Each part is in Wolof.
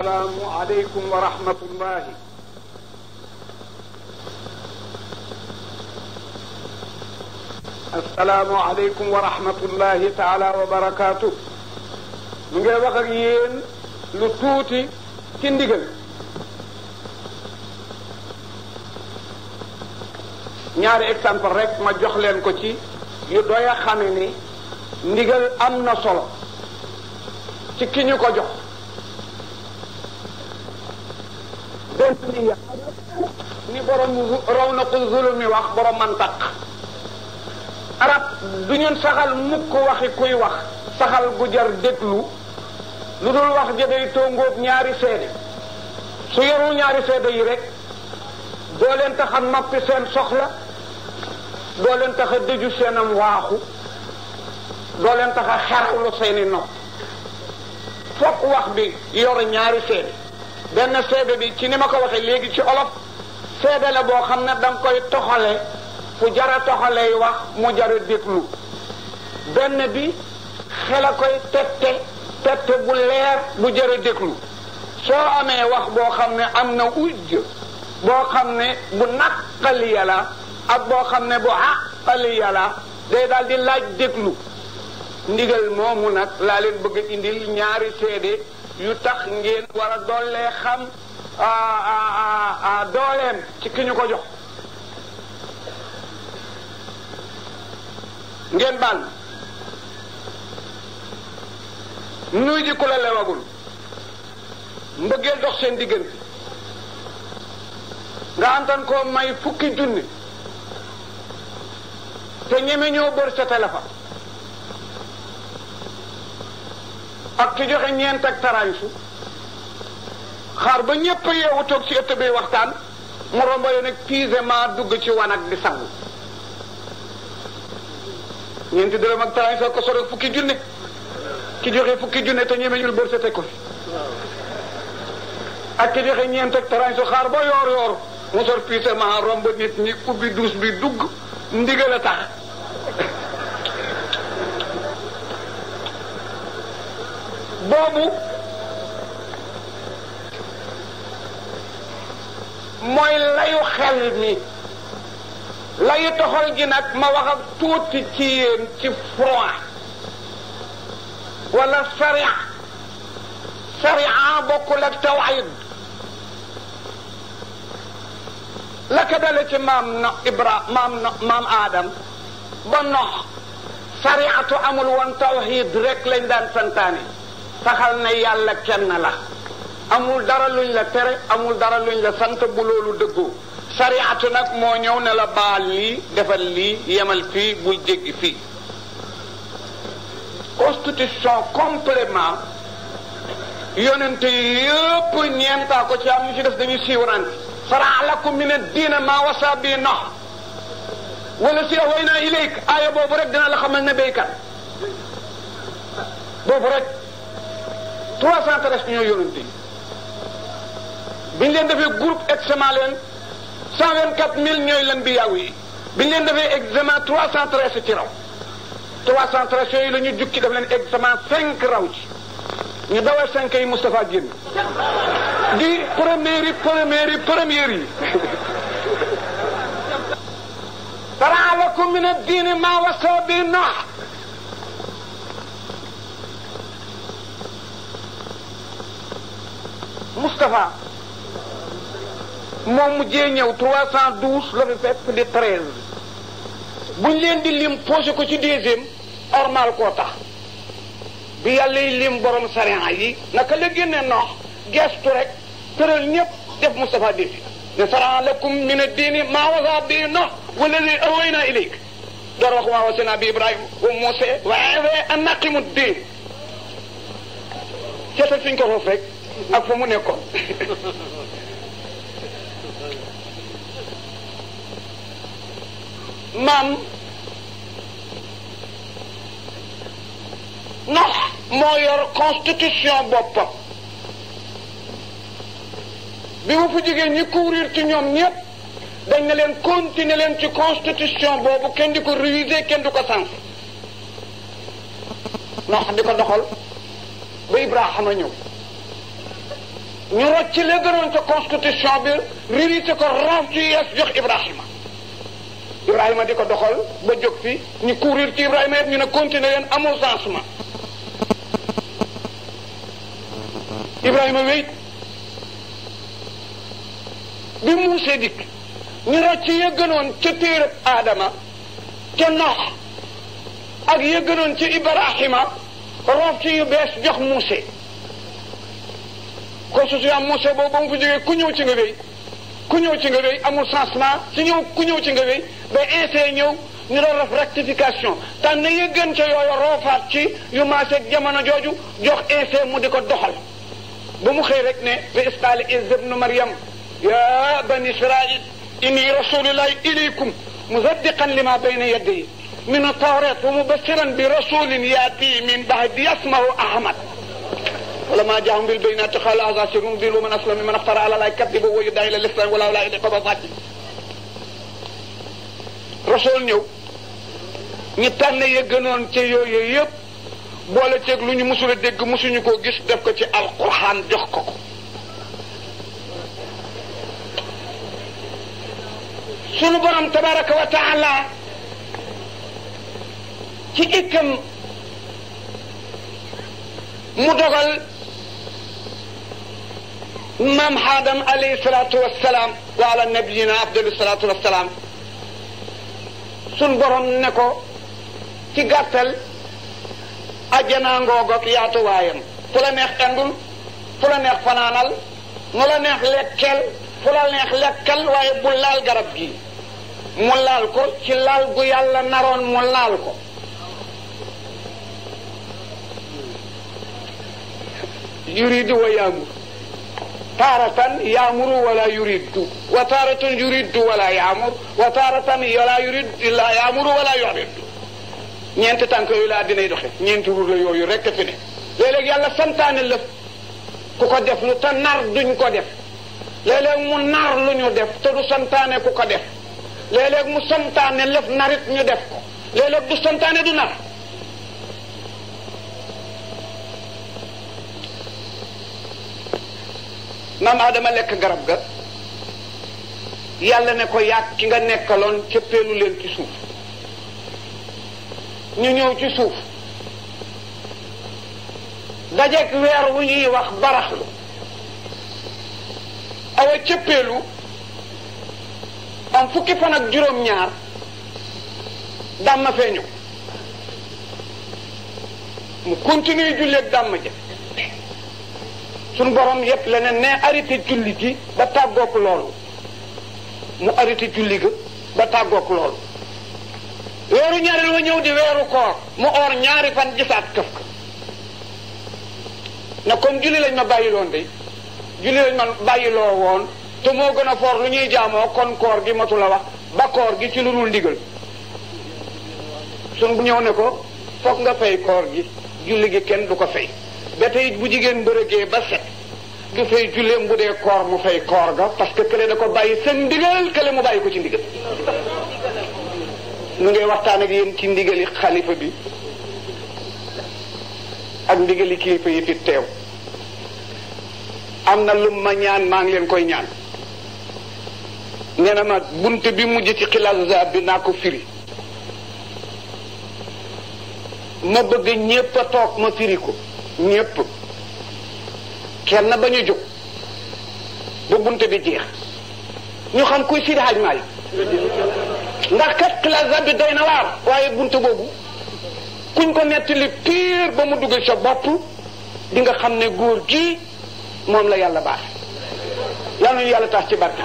asalaamu aleykum wa rahmatullahi asalaamu aleykum wa rahmatullahi taala wa barakaatu mu ngi wax ak yéen lu tuuti ci ndigal ñaari exemple rek ma jox leen ko ci yu doy a xame ni ndigal am na solo ci ki ñu ko jox deltiliya ni borom raw na ko zulumi wax borom mantak arab du ñun saxal mukk waxi kuy wax saxal gu jar déglu lu dul wax ja day ñaari seede su yorul ñaari seede yi rekk doo leen tax a noppi seen soxla doo leen tax a dëju seenam waaxu doo leen tax a xerawlu seeni nopp fokk wax bi yor ñaari seede benn seede bi ci ni ma ko waxee léegi ci olof seede la boo xam ne da koy toxale fu jara toxaley wax mu jara déglu benn bi xel koy tette tette bu leer bu jara déglu soo amee wax boo xam ne am na ujj boo xam ne bu naqali yàlla ak boo xam ne bu àqali yàlla day daal di laaj déglu ndigal moomu nag laa leen bëgg indil ñaari seede yu tax ngeen war a dollee xam dooleem ci ki ñu ko jox ngeen baal nuy ji ku la mbëggeel dox seen diggante nga antan koo may fukki junni te ñeme ñoo bër sa téléphone ak ki joxe ñeent ak taraayu xaar ba ñépp yeewu toog ci ëtt bi waxtaan mu romba yoon ak piisement dugg ci wanag di sangu ñeenti dërëm ak taraayu soo sore fukki junne ki joxe fukki junne te ñemeñul bërse te ko ak ki joxe ñeent ak taraayu soo xaar ba yoor yoor mu sor piisement romb nit ñi ubbi duus bi dugg ndigal a tax boobu mooy layu xel mi layu toxal gi nag ma wax ak tuuti ci yéen ci froid wala saria saria bokkul ak tawayid la ko dale ci maam no ibra maam no maam aadam ba nox sariatu amul woon tawhid rek lañ daan santaane saxal na yàlla kenn la amul dara luñ la tere amul dara luñ la sant bu loolu dëggoo sariatu nag moo ñëw ne la baal lii defal lii yemal fii bul jéggi fii constitution complément yonente yi yëpp ñeentaa ko ci am ñu ci des dañuy siiwarante faraa lakum min ad-diina maa wasaa bi Nuh wala si waynaa ilayk aaya boobu rek dina la xamal ne béykat boobu rek trois cent treize ñooy yonent yi biñ leen defee groupe examen leen cent vingt quatre mille ñooy lan bi yaaw biñ leen defee examen trois cent treize ci raw trois cent treize yooyu la ñu jukki daf leen examen cinq raw ci ñu dawal cinq yi Moustapha génn di première yi première yi min ad-diini maa wasaa bi Moustapha moom mujjee ñëw 312 la fi fekk di 13 buñ leen di lim ko ci deuxième normal koo tax bi yàlla yi lim borom sariya yi naka la génne noox gestu rek tëral ñëpp def Moustapha défi ne sara lakum min ad-diini maa wasa bi noox wala li awayna ilayk door wax waa wasina bi Ibrahima wa Muusa waaye an naqimu diin seetal fi ñu ko foofu rek ak fa mu nekkoon maam ndax moo yor constitution boppam bi mu fi jógee ñi courir ci ñoom ñëpp dañ na leen continuer leen ci constitution boobu kenn di ko réviser kenn du ko sens ndax di ko doxal ba Ibrahima ñëw ñorocci leganonta constitution bi ririte ko raf ci yees jox ibrahima ibrahima di ko doxal ba jóg fi ñu courir ci ibrahima yëpp ñu ne continuer leen amul changement ibrahima wéy bi muusee dikk ñu rocc ya gënoon ca téerab aadama ca nox ak ya gënoon ca ibrahima roof ci yu bees jox muusee constitution monsieur boobu ba mu fi ku ñëw ci nga wéy ku ñëw ci nga amul changement si ñëw ku ñëw ci nga wéy ba insee ñu doon def rectification tànn yi gën ca yooyu roofaat ci yu maaseeg jamono jooju jox insee mu di ko doxal mu xëy rek ne bi isqaali isa bnu mariam ya bani israil inni rasulullahi ilaykum musaddiqan lima bayna yaddayi min tawrat wa mubashiran bi rasulin yaati min ba'di yasmahu ahmad ولما جاءهم بالبينات قال هذا سر مبين ومن اسلم من اخطر على لا يكذب ويدعي الى الاسلام ولا اولئك قبضات رسول نيو ني تان يغنون تي يوي ييب بولا تيك لوني مسول دك مسو نيكو غيس داف كو تي القران جوخ كو سونو بروم تبارك وتعالى تي اكم مو دوغال maam Aadam alayhi salaatu wa salaam wa ala nabiyina afdalu salaatu wa salaam sun borom ne ko ci gàttal ajjanaa ngoog ak yaatuwaayam fu la neex endul fu la neex fanaanal mu la neex lekkeel fu la neex lekkal waaye bu laal garab gi mu laal ko ci laal gu yàlla naroon mu laal ko yuridu wa yaamu تارة يأمر ولا يريد وتارة يريد ولا يأمر وتارة لا يريد لا يأمر ولا يريد ñeent tànk yooyu laa dinay doxe ñeent ruur la yooyu rek fi ne léeg-léeg yàlla santaane lëf ku ko def lu te nar duñ ko def léeg-léeg mu nar lu ñu def te du santaane ku ko def léeg-léeg mu santaane lëf narit ñu def ko léeg-léeg du santaane du nar maam Adama lekk garab ga yàlla ne ko yàgg ki nga nekkaloon cëppeelu leen ci suuf ñu ñëw ci suuf dajeeg weer wu ñuy wax baraxlu awa cëppeelu am fukki fan ak juróom-ñaar dàmm feeñu mu continue julleeg dàmm ja suñ borom yëpp leneen ne ne arrêté julli gi ba tàggook loolu mu arrêté julli ba tàggook loolu weeru ñaareel wa ñëw di weeru koor mu oor ñaari fan gisaat këf ka na comme julli lañ ma bàyyiloon de julli lañ ma bàyyiloo woon te moo gën a foor lu ñuy jaamoo kon koor gi matu la wax ba koor gi ci lu dul ndigal suñ bu ñëw ne ko foog nga fay koor gi julli gi kenn du ko fay ba tey bu jigéen bërëgee ba set du fay julleem bu dee koor mu fay koor ga parce que kële da ko bàyyi seen ndigal kële mu bàyyi ko ci ndigal nu ngay waxtaan ak yéen ci ndigali xalifa bi ak ndigali kilifa yi fi teew am na lu ma ñaan maa ngi leen koy ñaan nee ma bunt bi mujj ci xilaasu zaab bi naa ko firi ma bëgg ñépp a toog ma firi ko ñépp kenn bañ a jóg ba bunte bi jeex ñu xam kuy Sidi Hadj Malick ndax kat classe bi day na waar waaye bunte boobu kuñ ko nettali pire ba mu dugg sa bopp di nga xam ne góor gi moom la yàlla baax yal nañu yàlla tax ci barke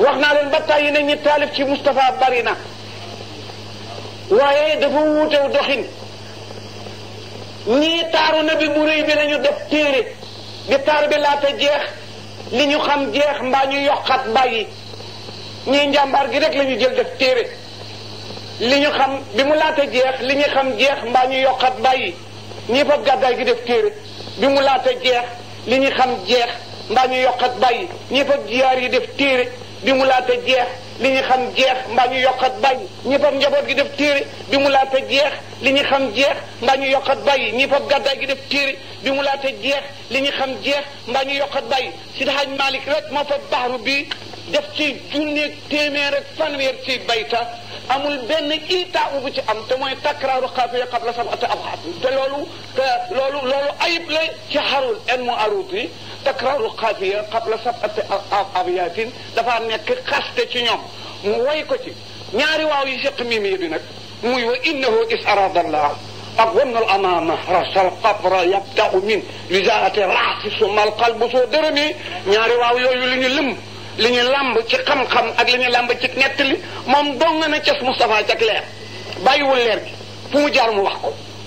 wax naa leen bataay yi ne ñi taalif ci Moustapha bari na waaye doxin ñii taaru na bi bu rëy bi lañu def téere bi taar bi laata jeex li ñu xam jeex mbaa ñu yokkaat bàyyi ñii njàmbaar gi rek lañu jël def téere li ñu xam bi mu laata jeex li ñu xam jeex mbaa ñu yokkaat bàyyi ñii fa gàddaay gi def téere bi mu laata jeex li ñu xam jeex mbaa ñu yokkaat bàyyi ñii fa jiyaar yi def téere bi mu laata jeex li ñu xam jeex mbaa ñu yokkat bàyyi ñi fab njaboot gi def téere bi mulaat laata jeex li ñu xam jeex mbaa ñu yokkat bàyyi ñi fab gàddaay gi def téere bi mu laata jeex li ñu xam jeex mbaa ñu yokkat bàyyi si daxaj Malik rek moo fa baxaru bi def ci junneeg téeméer ak fanweer bayta amul benn iita bu ci am te mooy takraaru xaafiya qabla sab'ati abxaas te loolu te loolu loolu la ci xarul en mu arut takraaru xaafiya qabla sab'ati abyatin dafa nekk xaste ci ñoom mu woy ko ci ñaari waaw yi seq mimi bi nag muy wa innahu is aradallah ak wan nal amaama rasal qabra yabda'u min wisaati raasi summa alqalbu soo dërëmee ñaari waaw yooyu li ñu lëm li ñu làmb ci xam ak li ñu làmb ci nettali moom dong na cas Moustapha jak leer bàyyiwul leer gi fu mu jaar mu wax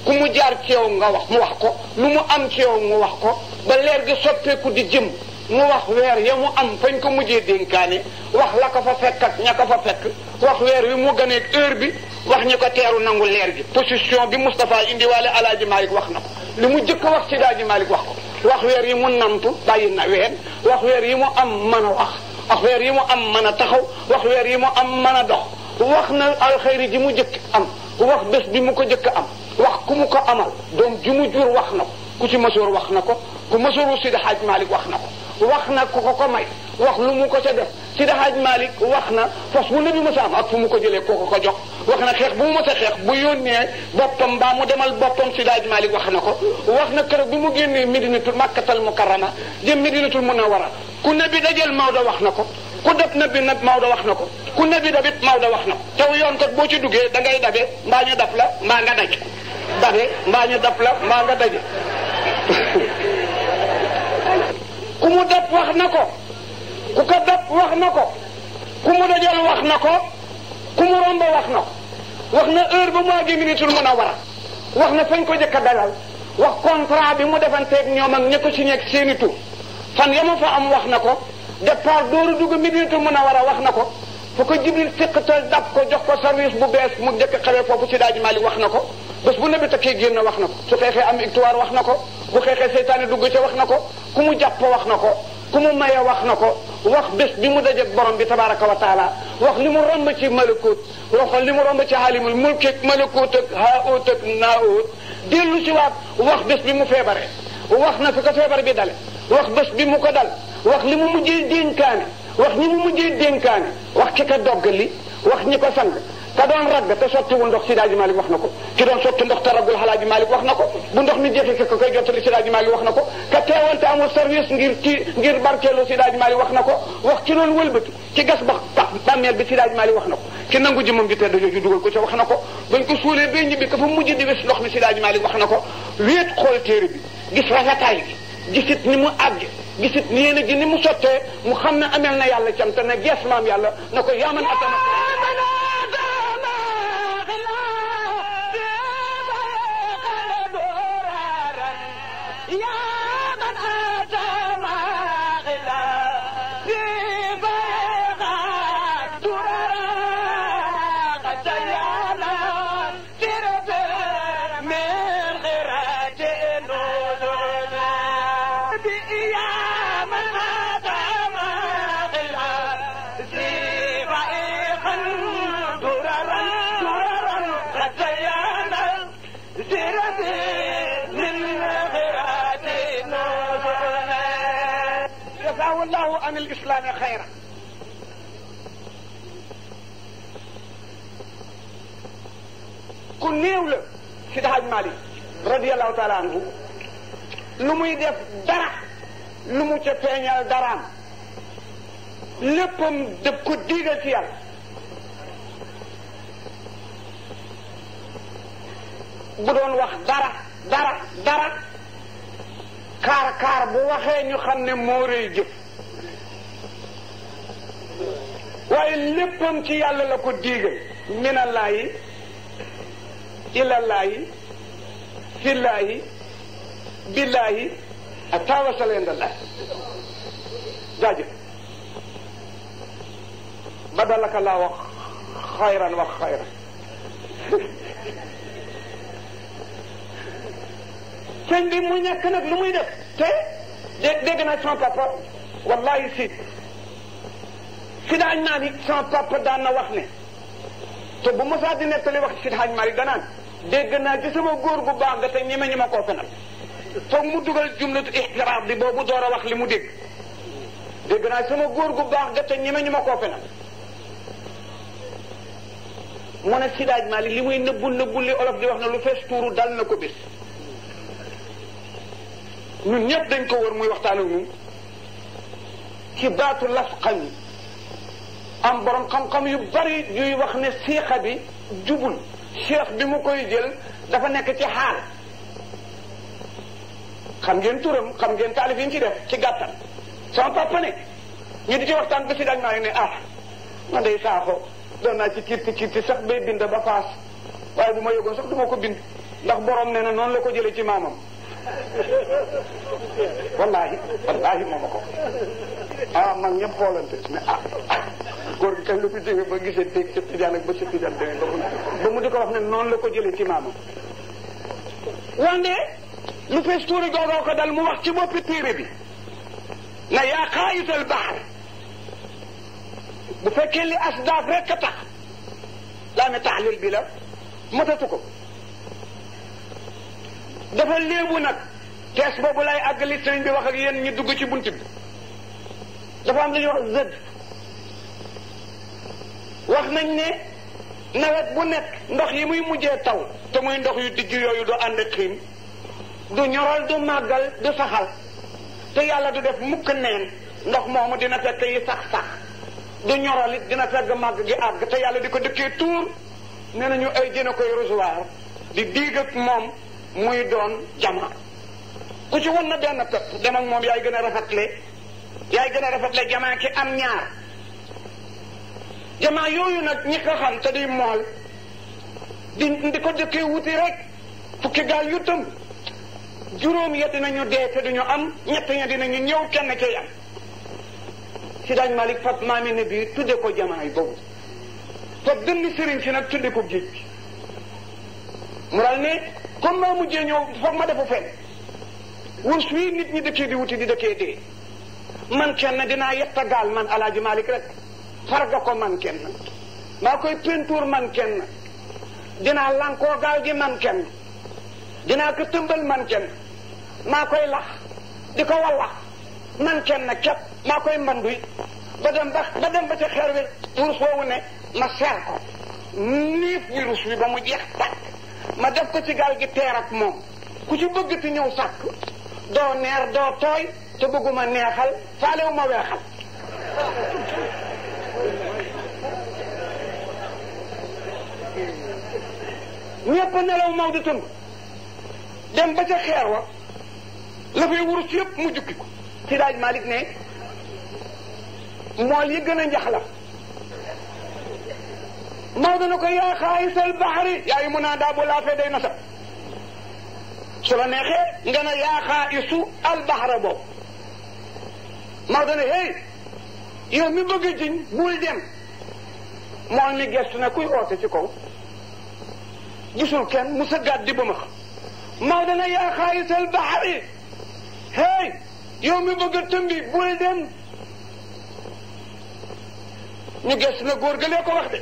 ku mu jaar ci yow nga wax mu wax ko lu mu am ci yow mu wax ko ba leer gi soppeeku di jëm mu wax weer ya mu am fañ ko mujjee dénkaane wax la ko fa fekk ak ña ko fa fekk wax weer wi mu gëneeg heure bi wax ñu ko teeru nangu leer gi position bi Moustapha indi waale alaaji Malick wax na ko li mu jëkk wax ci daaji Malick wax ko wax weer yi mu namtu bàyyi na ween wax weer yi mu am mën a wax wax weer yi mu am mën a taxaw wax weer yi mu am mën a dox wax na alxayri ji mu jëkk am wax bés bi mu ko jëkk am wax ku mu ko amal doom ju jur wax na ko ku ci masoor wax na ko ku masoorul Seydi Hadj Malick wax na ko wax na ku ko ko may wax lu mu ko ca def Sidi Hadj Malick wax na fas bu nabi mës a am ak fu mu ko jëlee koo ko ko jox wax na xeex bu mu mës a xeex bu yónnee boppam mbaa mu demal boppam Sidi Hadj Malick wax na ko wax na keroog bi mu génnee Medinatul Makkatal Mukarrama jëm Medinatul Munawwara ku nabi dajal Maodo wax na ko ku dab nabi nag Maodo wax na ko ku nabi dabit da wax na ko taw yoon kat boo ci duggee dangay ngay dabe mbaa ñu daf la mbaa nga daje dabe mbaa ñu daf la mbaa nga daje ku mu dab wax na ko ku ko dab wax na ko ku mu dajal wax na ko ku mu romb wax na ko wax na heure ba mu àggee Madinatul Munawwara wax na fañ ko njëkk a dalal wax contrat bi mu defanteeg ñoom ak ña ko ci ak seeni tur fan ya ma fa am wax na ko départ dooru dugg Madinatul Munawwara wax na ko fu ko Jibril fiqtal dab ko jox ko service bu bees mu njëkk a xamee foofu si daaji Malik wax na ko. bés bu nebe takkee génn wax na ko su xeexee am victoire wax na ko bu xeexee seytaane dugg ca wax na ko ku mu jàpp wax na ko ku mu maye wax na ko wax bés bi mu dajeeg borom bi tabaraka wa taala wax li mu romb ci malakut wax li mu romb ci xaalimul mulk ak malakut ak haut ak naut dellu ci waat wax bés bi mu feebare wax na fi ko feebar bi dale wax bés bi mu ko dal wax li mu mujjee dénkaane wax ñi mu mujjee dénkaane wax ki ko doggali wax ñi ko sang كدون رغ تسوتي بو ندخ سيداج مالك واخناكو كي دون سوتي ندخ ترغ الحلاج مالك واخناكو بو ندخ مي جيخي كو كاي جوتلي سيداج مالك واخناكو كتيوانت امو سيرفيس غير تي غير باركيلو سيداج مالك واخناكو واخ كي نون ولبت كي غاس باخ تاخ بامير بي سيداج مالك واخناكو كي نانغو جي موم جي تيدو جي دوغال كو تي واخناكو بن كو سولي بي نيبي كفا مودي دي ويس لوخ مي سيداج مالك واخناكو ويت خول تيري بي غيس رافاتاي gisit ni mu ag gisit ni yene gi ni mu sotte mu xamne amel na yalla ciam tane gesmam yalla nako yaman يا من أتى راغلا ببيضة تراغ سيالا ترتر من غيرات نذرنا يا من أتى راغلا زبائقا ترارا ترارا قد سيالا ترتر أن الإسلام خيرا كن نيولا سيد حاج مالي رضي الله تعالى عنه لمو يدف درع لمو تفيني الدرام لبهم دبكو ديغة سيال بدون واخ درع درع درع كار كار بو واخي نيو موري جب waaye léppam ci yàlla la ko diigal minallaahi ilallaahi fillaahi billaahi ak taawasalendallaahi jaajëf badalaka laa wax xayran wax xayran sëñ bi mu ñàkk nag lu muy def te dégg naa sama papa wallahi si si daaj Maalik sama papa daan na wax ne te bu Moussa di nettali wax si daaj Maalik danaan dégg naa ci sama góor gu baax nga te ñeme ñi ma koo fenal foog mu dugal jumlatu ixtiraab bi boobu door a wax li mu dégg dégg naa sama góor gu baax nga te ñeme ñi ma koo fenal mu ne si daaj Maalik li muy nëbbu nëbbu li olof di wax ne lu fees tuuru dal na ko bis ñun ñëpp dañ ko wër muy waxtaan ak ñun ci baatu laf xam am borom xam-xam yu bari yuy wax ne siixa bi jubul cheikh bi mu koy jël dafa nekk ci xaal xam ngeen turam xam ngeen taalif yi ci def ci gàttal sama papa ne ñu di ci waxtaan ba si dañ maa ne ah man day saaxo doon naa ci kirti kirti sax bay bind ba faas waaye bu ma yëgoon sax du ko bind ndax borom nee na noonu la ko jëlee ci maamam wallahi wallahi mooma ko ah man ñëpp xoolante ne ah góor gi kañ la fi jóge ba gisee teg ca tijaan ak ba ca tijaan demee ba mu ba mu di ko wax ne noonu la ko jëlee ci maama wande lu fees tuuri googoo ko dal mu wax ci boppi téere bi na yaa xaayital baxar bu fekkee li asdaaf rek a tax laa ne taxlil bi la matatu ko dafa léebu nag tees boobu lay àggali sëriñ bi wax ak yéen ñu dugg ci bunt bi dafa am lu ñuy wax zëdd wax nañ ne nawet bu nekk ndox yi muy mujjee taw te muy ndox yu digg yooyu du ànd ak xiim du ñoral du màggal du saxal te yàlla du def mukk neen ndox moom dina fekk yi sax sax du ñoral dina fekk màgg gi àgg te yàlla di ko dëkkee tuur nee nañu ay dina koy recevoir di diig ak moom muy doon jama ku ci won na benn pepp dem moom yaay gën a rafet rafetle yaay gën a rafetle jamaa ki am ñaar jamaa yooyu nag ñi ko xam te di mool di di ko jëkkee wuti rek fukki gaal yu tëm juróom ya dinañu dee te duñu am ñett ña dinañu ñëw kenn cay am si daaj Malick fab maami ne bii tudde ko jamaay boobu fab dënn sëriñ si nag tudde ko géej gi mu daal ne comme maa mujjee ñëw foog ma defu fen wurus wii nit ñi dëkkee di wuti di dëkkee dee man kenn dinaa yetta gaal man alaaji Malick rek farga ko man kenn maa koy peinture man kenn dinaa lankoo gaal gi man kenn dinaa ko tëmbal man kenn maa koy lax di ko wallax man kenn képp maa koy mbanduy ba ba dem ba ca xeer wi wurus woowu ne ma seer ko niip wurus wi ba mu jeex tàkk ma def ko ci gaal gi teer ak moom ku ci bëgg ti ñëw sàkk doo neer doo tooy te bëgguma neexal faalewu ma weexal ñëpp nelaw Maodo tënk dem ba ca xeer wa la fay wurus mu jukki ko daaj Malick ne mool yi gën a njaxla Maodo na ko yaa xaayisal baxari yaayu mun naa daa bu laafee day nasab su la neexee nga ne yaa xaayisu albaxara boobu Maodo ne hey yow mi bëgg a jiñ bul dem mool mi gestu na kuy oote ci kaw gisul kenn mu sëggaat di ba max maa dana yaa xaayisal baxari hey yow mi bëgg a tëmbi bul dem ñu ges na góor gëlee ko wax de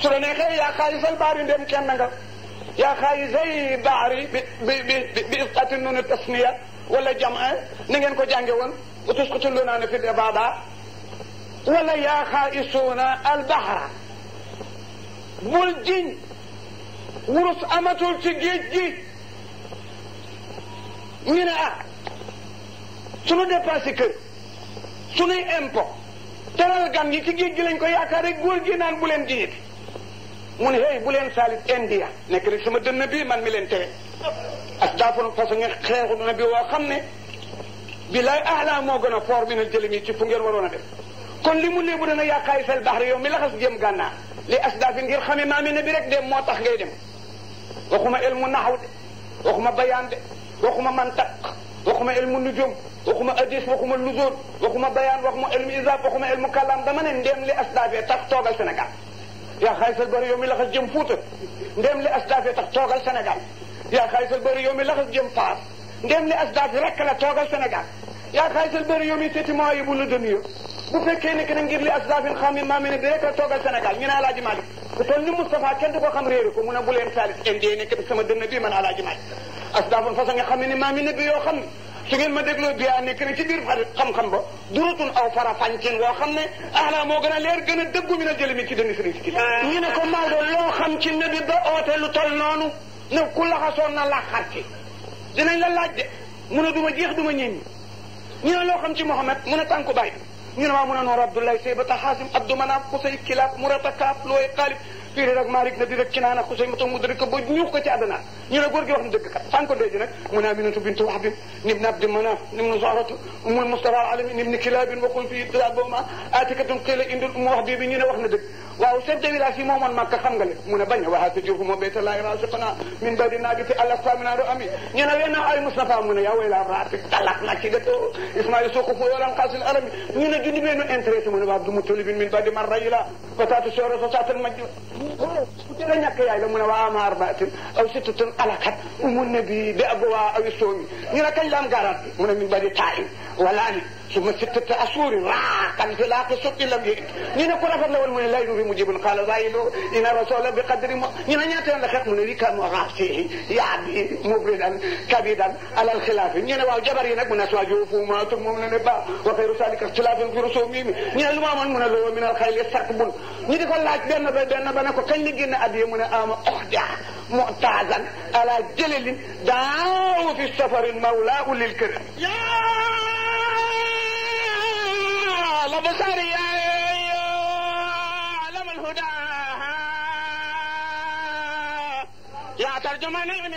su la neexee yaa xaayisal baxari dem kenn nga yaa xaayisay baxari bi bi bi bi isqati nunu tasniya wala jamaa na ngeen ko jànge woon وتسقطوننا في الإبادة ولا يا خائصون البحر والجن wurus amatul ci géej gi ñu a ah sunu dépassé kër sunuy impôt teral gan gi ci géej gi lañ ko yaakaar rek góor gi naan bu leen diit mu ne hey bu leen saalit india nekk rek sama dënn bii man mi leen tere as daafon façon nga xeexu na bi woo xam ne bi a ahlaa moo gën a foor bi na jëlim yi ci fu ngeen waroon a kon li mu léebu dana yaaqaayi fel baxari yow mi laxas jëm gànnaar li asdafi ngir xame maami ne bi rek dem moo tax ngay dem waxuma ilmu naxaw de waxuma bayaan de waxuma mantak waxuma ilmu nujum waxuma hadis waxuma luzul waxuma bayaan waxuma ilmu izab waxuma ilmu kalam dama ne ndem li asdafé tax togal sénégal ya xaysal bari yomi laxas jëm fuuta ndem li asdafé tax togal sénégal ya xaysal bari yomi laxas jëm faas ndem li asdafé rek la togal sénégal ya xaysal bari yomi seeti mooyi bu la dëniyo bu fekkee nekk na ngir li asdafin xam mi maa rek a toogal Sénégal ñu ne Alaaji Malik ku toll ni Moustapha kenn du ko xam réeru ko mun a bu leen saalis indee nekk bi sama dënn bii man Alaaji Malik asdafun façon nga xam ne ni yoo xam su ngeen ma dégloo bi yaa nekk na ci biir xam-xam ba durutun aw fara fàncin woo xam ne ahla moo gën a leer gën a dëggu mi na jëli mi ci dënn sëriñ si ah. ñu ne ko Maodo loo xam ci nabi ba oote lu toll noonu ne ku laxasoon dinañ la laaj de mun a duma jeex duma ñeñ ñi ñu ne loo xam ci Mouhamed mun a tànku bàyyi ñu ma maa mu ne abdoulaye sey ba ta xaasim abdou manaaf xusay kilaab murata kaab looy xaalib fii rek ak malik na di rek kinaana xusay ma tax mu dëkk ba ñuux ko ci àdduna ñu ne góor gi wax ni dëgg kat fan ko dee ji nag mu ne aminatu bintu wax bi nib na abdi manaaf nib na zahratu umul mustafa alamin nim ni kilaabin waxul fii daal boobu ma aatikatun qila indul umu wax bi bi ñu ne wax na dëgg واو سيد دبي لاسي مومن مكه خمغا لي مونا باغنا واخا سجوف مو بيت الله راسخنا من بعد ناجي في الله سامنا رو امي ني نا وينا اي مصطفى مونا يا ويلا راك دلاك نا كي دتو اسماعيل سوكو فو يولان خاص الارم ني نا جندي بينو انتريت مونا با دمو تولبين من بعد مر ريلا فتات شورو فتات المجد كنت لا نك يا مونا وا امار باتن او ستتن علاقات ام النبي بابوا او سومي ني نا كان لام غارات مونا من بعد تاري ولا ني su ma sittati asuurin raaqan fi laaqi sotti lam yëg ñu ne ku rafet la woon mu ne laylu bi mujibul qaala waylu ina rasula bi qadri mo ñu ne ñaata yoon la xeet mu ne rikamu xaasihi yaadi mubridan kabidan alal xilaafi ñu ne waaw jabar yi nag mu ne soo joofu maatu moom la ne ba wa xayru salika ixtilaafin fi rusumi mi ñu ne lu ma amoon mu ne loo min al xayli sark bun ñu di ko laaj benn ba benn ba ne ko kañ la génn addiye mu ne ama oxda mu'tazan ala jëlelin daawu fi safarin mawlaa lil kër لبصري يعلم الهدى لا ترجمني من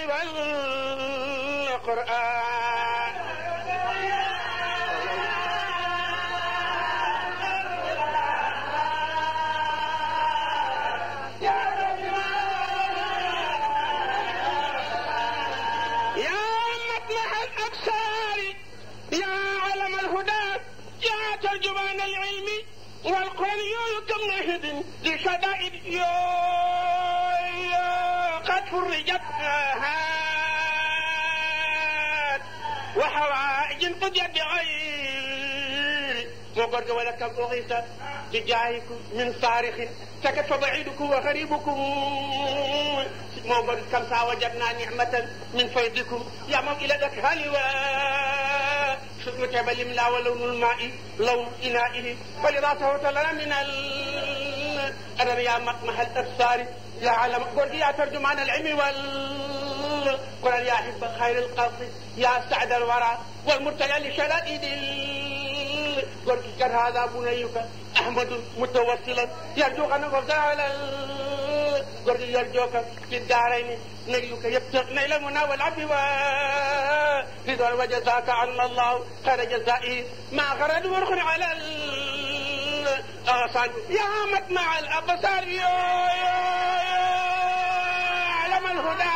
القرآن وترجمان العلم والقوي كم نهد لشدائد يا قد فرجت هات وحوائج قد بغير جوالا كم أغيث بجاهكم من صارخ سكت بعيدكم وغريبكم وبرد كم ساوجدنا نعمة من فيضكم يا من إلى ذك هلوى شكر جبل لا ولون الماء لون إنائه فلذا سهوت من ال أنا يا مطمح الأبصار يا علم قلت يا ترجمان العلم وال قل يا حب خير القصد يا سعد الورى والمرتجى لشدائد قلت كان هذا بنيك احمد متوسلا يرجوك ان وفد على قلت يرجوك في الدارين نيلك يبتغ نيل المنى والعفو رضا وجزاك عن الله خير جزائي ما خرج وارخر على أغصان يا مطمع الأبصار يا علم الهدى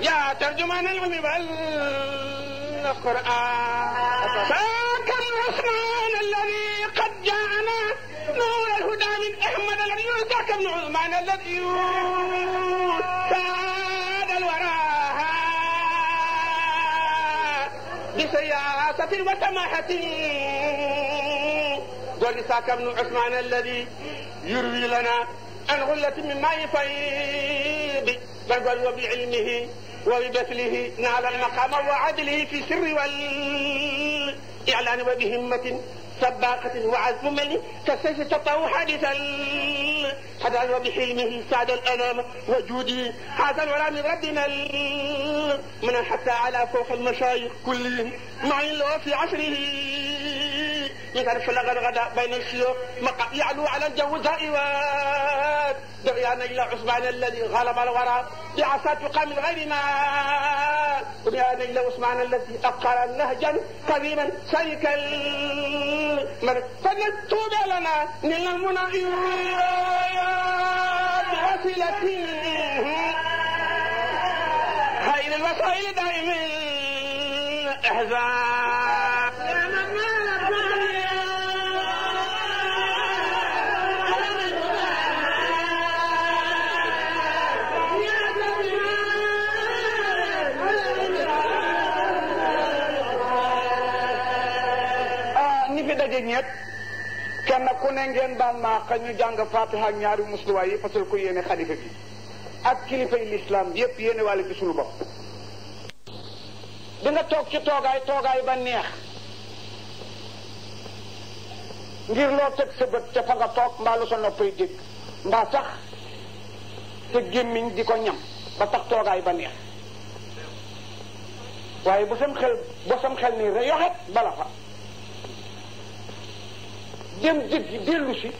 يا ترجمان العلم القرآن فاكر عثمان الذي قد جاءنا نور الهدى من أحمد الذي يلتقى ابن عثمان الذي يوسف بسياسة وسماحة قول إسحاق بن عثمان الذي يروي لنا عن غلة من ماء فيض بل قال وبعلمه وببثله نال المقام وعدله في سر والإعلان وبهمة سباقة وعزم من كالسيف تطأ حديثا حدا وبحلمه سعد الأنام وجودي هذا الورى من ربنا من حتى على فوق المشايخ كلهم معي لو في عشره يغرف لغر غدا بين السيوف مقع يعلو على الجو زائوات دعيانا إلى عثمان الذي غلب الورى بعصا تقام من غير ماء إلى عثمان الذي أقر نهجا كريما سيك المرء فلنتوب لنا من المنعيات وسيلتي خير الوسائل دائما احزان kan kenn ku ne ngeen baal maa xëy ñu jàng fatiha ak ñaari musluwaay yi fasal ko yéene xalifa bi ak kilifay lislaam yépp yéene wàlle ci suñu bopp toog ci toogaay toogaay ba neex ngir loo teg sa bët gémmiñ di ko ñam ba tax toogaay waaye bu sam xel bu sam xel ni re yoxet bala fa jëm jëggi dellu si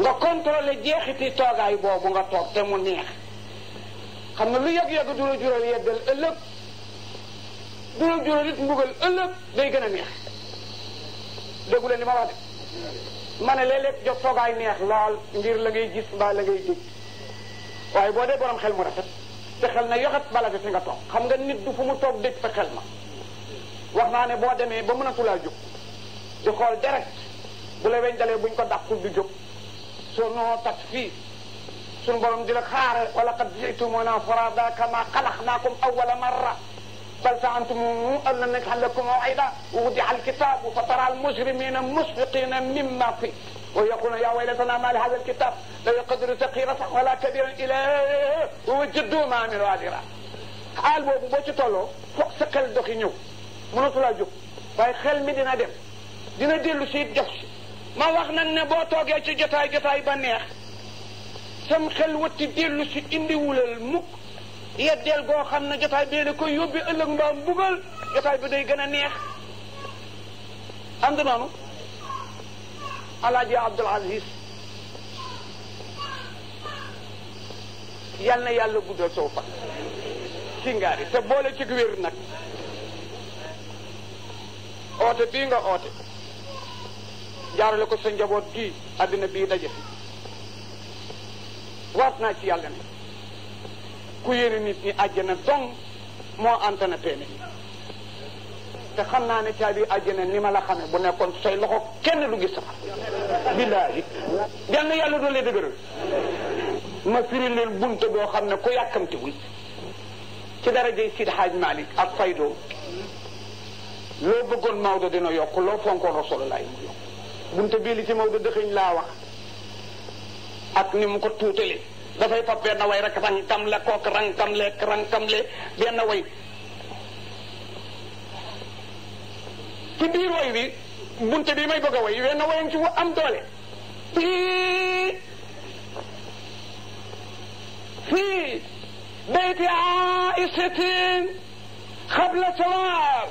nga contrôlé jeexiti toogaay boobu nga toog te mu neex xam nga lu yàgg-yàgg du la jural yeddal ëllëg du la jural it mbugal ëllëg day gën a neex déggu leen ni ma wax de ma ne léeg-léeg jox toogaay neex lool ngir la ngay gis mbaa la ngay dégg waaye boo dee borom xel mu rafet te xel na yoxat bala fi nga toog xam nga nit du fu mu toog dégg fa xel ma wax naa ne boo demee ba mënatulaa jóg di xool deret bu la wenjalee buñ ko dàqul du jóg soo noo tas fii sun borom di la xaare wala qad jitumuna farada kama xalaqnakum awala marra بل زعمتم ان لن نجعل لكم موعدا ووضع الكتاب فترى المجرمين مشفقين مما فيه ويقول يا ويلتنا ما لهذا الكتاب لا يقدر سقيرة ولا كبيرا الى وجدوا ما عملوا هذه xaal boobu boo ci tolloo foog sa xel doxi ñëw mënatu laa jóg waaye xel mi dina dem dina dellu si jox ma wax nag ne boo toogee ci jotaay jotaay ba neex sam xel ci dellu si indiwulal mukk yeddeel goo xam ne jotaay bee la koy yóbbi ëllëg mbaa mbugal jotaay bi day gën a neex am di noonu alaaji abdul aziz yal na yàlla guddal sow fa singaari te boole ci wér nag oote bii nga oote jaarale ko sa njaboot gi àddina bii daje waat naa ci yàlla ne ku yéene nit ñi àjjana dong moo antana téeméer te xam naa ne caabi àjjana ni ma la xamee bu nekkoon say loxo kenn du gis sax billaahi yal na yàlla doole dëgëral ma firi leen bunte boo xam ne ku yàkkamtiwul ci darajay Sid Haaj Malik ak faydoo loo bëggoon Maodo dina yokk loo fonkoon Rasulullah mu yokk bunte bii li ci Maodo dëxëñ laa wax ak ni mu ko tuutale dafay fab benn way rek rang tam le kook rang tam le rang tam le benn way ci biir way bi bunte bi may bëgg a way wenn wayan ci wu am doole fii fii بيت عائشة قبل سوار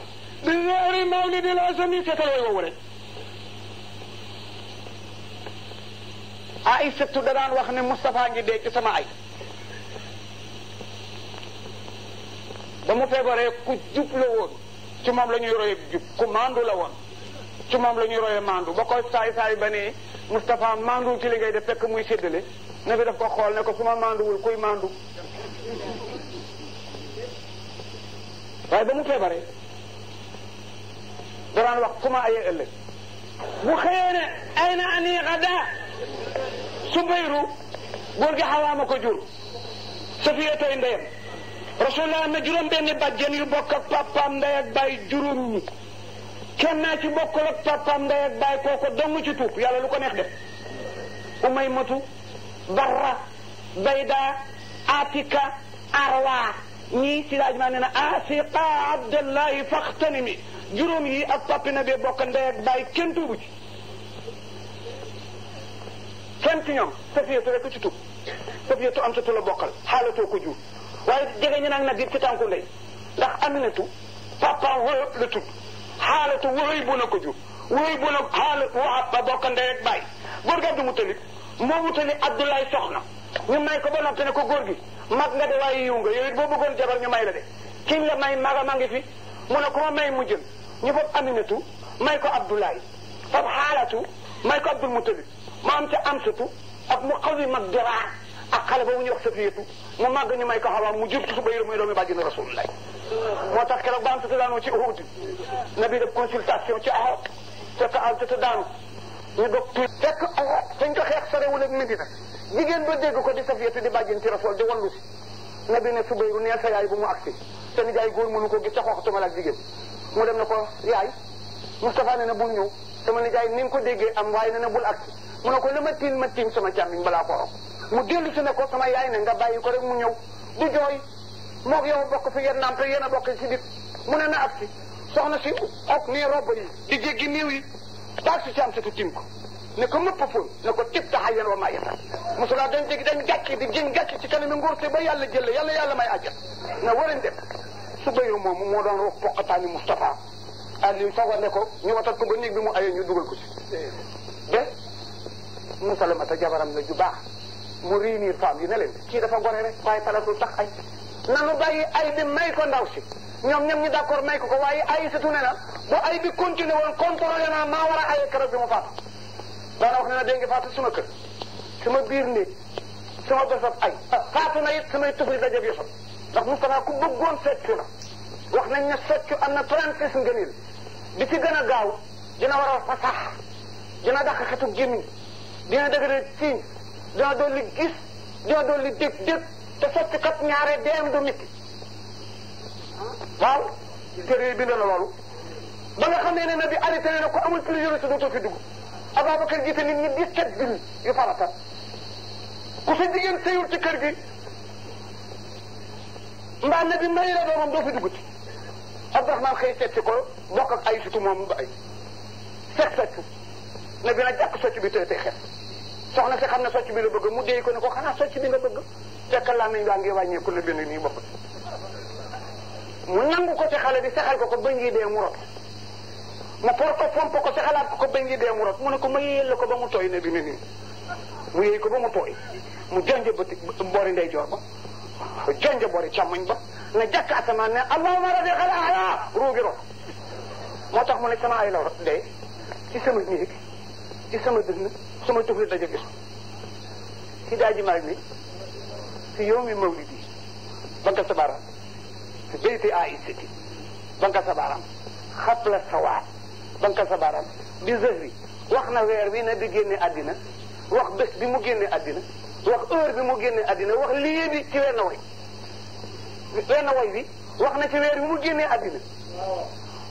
بغير مولد الأزمي تتلوي وورد Aïsatu da daan wax ne Moustapha ngi dee ci sama ay ba mu feebaree ku jub la woon ci moom la ñuy royee jub ku maandu la woon ci moom la ñuy royee maandu ba koy saay saay ba ne Moustapha maandu ci li ngay def fekk muy séddale na fi daf ko xool ne ko su ma maanduwul kuy maandu waaye ba mu feebaree da daan wax ku ma ayee ëllëg bu xëyee ne ay na ani xadaa Subayru góor gi xawaama ko jur Safiya tey ndeyam Rasulullah am benni bàjjen yu bokk ak papaam ndey ak baay juróom ñi kenn naa ci bokkul ak papaam tuub yàlla lu ko neex def Umaymatu Barra Bayda Atika Arwa ñii si laaj maa nee na Asiqa Abdallahi faxtanimi juróom yi ak papi na bee bokk ndey kenn tuubu ci kenn ci ñoom safiyatu rek ci tub safiyatu am sa tu la bokkal xaalatoo ko jur waaye jege ñu nag na biir ci tànku ndey ndax aminatu papa wóob la tudd xaalatu wóoy bu na ko jur wóoy bu na xaala waxaat ba bokkal ndey rek bàyyi góor gi Abdu Mutalib moo wutali Abdoulaye soxna ñu may ko ba noppi ne ko góor gi mag nga de waaye yiw nga yow it boo bëggoon jabar ñu may la de kiñ la may maga ma ngi fi mu ne ko ma may mu jël ñu fab aminatu may ko Abdoulaye fab xaalatu may ko Abdul Mutalib maam ca amsatu ak mu xawimat diraa ak xale boobu ñuy wax safiyatu mu màgg ñu may ko xawaa mu jur Zubayru muy doomi bàjjenu Rasulullah moo tax keroog ba amsatu daanoo ci Uhud nabi def consultation ci aho fekk amsatu daanu ñu dog tu fekk aho dañ ko xeex sorewul ak Medina jigéen ba dégg ko di safiyatu di bàjjen ci Rasul di wallu si nabi ne Zubayru neel sa yaay bu mu agsi te ni jaay góor mënu ko gis ca xooxatuma la ak jigéen mu dem na ko yaay Moustapha ne na bul ñëw sama nijaay ni nga ko déggee am waaye na na bul agsi mu ne ko la ma tiim ma tiim sama càmmiñ balaa ko rog mu dellu si ne ko sama yaay ne nga bàyyi ko rek mu ñëw du jooy moog yow bokk fi ngeen naan te yéen a bokk si biir mu ne na agsi soxna si ok nii robb yi di jéggi niiw yi daal si càmm si tu tiim ko ne ko mëpp ful ne ko tib taxay yan wa maa yeta mosulaa dañ jéggi dañ gàcc di jën gàcc ci kanami nguur te ba yàlla jëlle yàlla yàlla may àjjat na waran dem su béyu moomu moo doon roog poqataani Moustapha Aliou Sow ne ko ñu watat ko ba néeg bi mu ay ñu dugal ko ci. de Musalamata jabaram la ju baax mu réunir femme yi ne leen kii dafa gore rek waaye talatul tax ay. nanu bay ay bi may ko ndaw si ñoom ñoom ñu d'accord may ko ko waaye ay surtout ne na ay bi continué woon contrôlé naa maa war a ay keroog bi mu faatu daana wax ne na dégg nga faatu suma kër suma biir néeg suma bésab ay faatu na it samay tufli dajab yosot ndax Moustapha ku bëggoon seet si la wax nañ ne soccu am na 36 ngëneel bi ci gën a gaaw dina waral fasax dina dàq xetu gémmiñ dina dëgëral siiñ dina dolli gis dina dolli dégg dégg te soccu kat ñaare deem du métti waaw téere bi na loolu ba nga xam ne ne na bi arrêté na ko amul plusieurs su dootoo fi dugg Ababacar jiite nit ñi 17 bill yu farata ku sa jigéen sëyul ci kër gi mbaa na bi may la doomam doo fi dugg Abdourahmane xëy seet si ko bokk ak ay sutu moom ba ay fekk fekk ne bi socc bi tey tey xet soxna si xam ne socc bi la bëgg mu dee ko ne ko xanaa socc bi nga bëgg fekk laa nañ waa ngi wàññeeku ne nii bopp mu nangu ko xale bi sexal ko ko bañ yi dee mu rot mu por ko pomp ko sexalaat ko ko bañ dee mu mu ne ko ma yéyal ko ba mu tooy ne bi ne nii mu yéy ko ba mu tooy mu jonj bati boori ndeyjoor ba jonj boori càmmoñ ba نجك أتمنى الله ما رضي خلا على روجرو ما تخمن السماء إلى رضي كيسم الدنيا كيسم الدنيا سمو تفيد لجك كي داجي مالني في يوم مولدي بنك سبارة في بيت آي سيتي بنك سبارة خطل السواء بنك سبارة بزهري وخنا غير بينا بيجيني أدينا وخ بس بمجيني أدينا وخ أور بمجيني أدينا وخ ليبي كيلا نوي na way wi wax na ci weer bi mu génnee àddina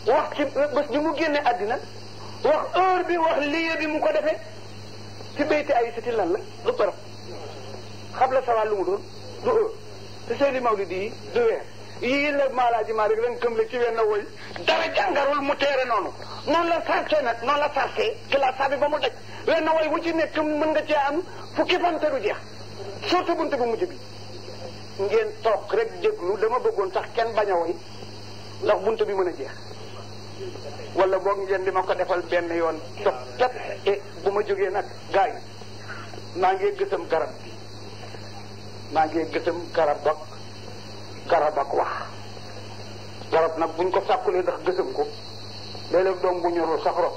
wax mu génnee àddina wax heure bi wax lieu bi mu ko defee ci bayti ay sati lan la du barab xam la sawal lu mu doon du heure te seeni mawlidi yi du weer yii la maalaaji Maalik ren këm la ci wenn woy dara jàngarul mu teere noonu noonu la sarcee nag noonu la sarcee ci la sabi ba mu daj wenn woy wu ci nekk mën nga cee am fukki fan te du jeex surtout bunte bu mujj bi ngeen toog rek déglu dama bëggoon sax kenn bañ a ndax bunt bi mën a jeex wala boog ngeen di ma ko defal benn yoon toog kat bu ma jógee nag gaay maa ngi gësam garab bi maa ngi gësam garab ak garab ak wax garab nag buñ ko sàkkulee ndax gësam ko léeg doom bu ñorul sax rob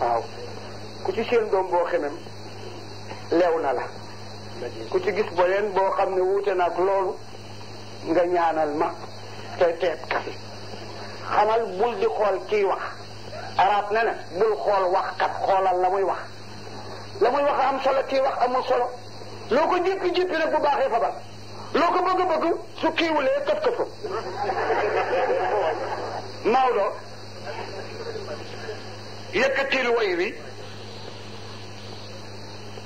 waaw ku ci seen doom boo xemem leew na la ku ci gis beneen boo xam ne wuute na loolu nga ñaanal ma te teet kasi xamal bul di xool kiy wax arab na bul xool waxkat xoolal la muy wax la muy wax am solo kii wax amul solo loo ko jéppi jéppi nag bu baaxee fabal loo ko bëgg bëgg su kiiwulee këf këf ko Maodo yëkkatil way wi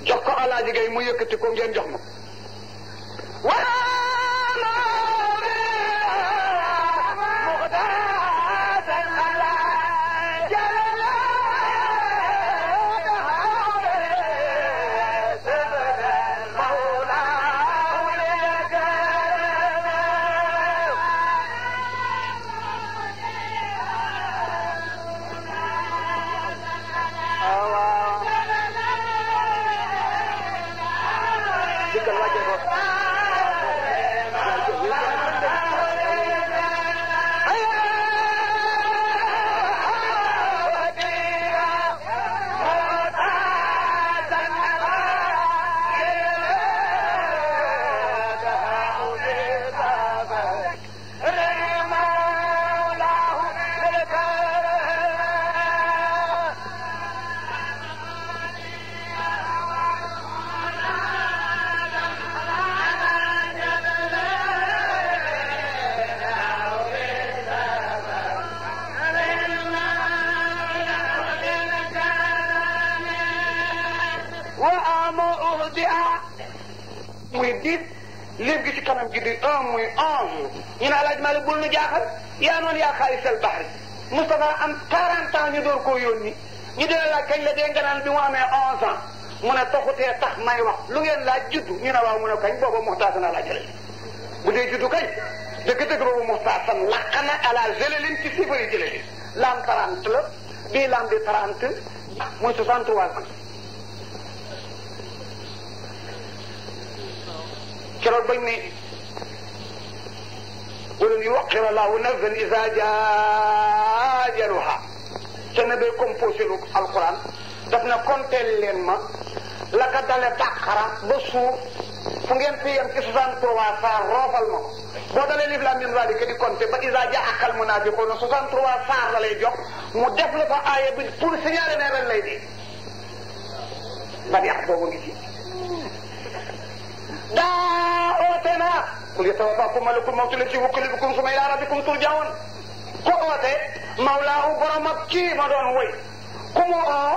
jox ko alaaji gay mu yëkkati ko ngeen jox ma. xaalis al baxri Moustapha am 40 ans ñu door koo yónni ñu dina laaj kañ la dee nga naan bi mu amee 11 ans mu ne taxutee tax may wax lu ngeen laaj juddu ñu ne waaw mu ne kañ booba muxtaas naa laa jëlal bu dee juddu kañ dëgg-dëgg boobu muxtaasan laq na ala jëlalin ci sifari jëlalin lam 30 la bii lam di 30 mooy 63 ans. keroog bañ ne. كما الله نفذ إذا جاء جلوها سنبي كم فوسي القرآن دفنا كنت اللين ما لك دالة تأخرى بسور فنجن في يمكي سوزان تواسا روف الم بودل لبلا من ذلك دي كنت فإذا جاء أقل منافقون سوزان تواسا رلي جو مدفلة آية بل فرسيار نيرا لدي بل يحبوني qul yatawaffakum malakul mawti llazii wukkila bikum summa ilaa rabbikum turja'uun ku oote mawlaahu borom ak kii ma doon woy ku mu oo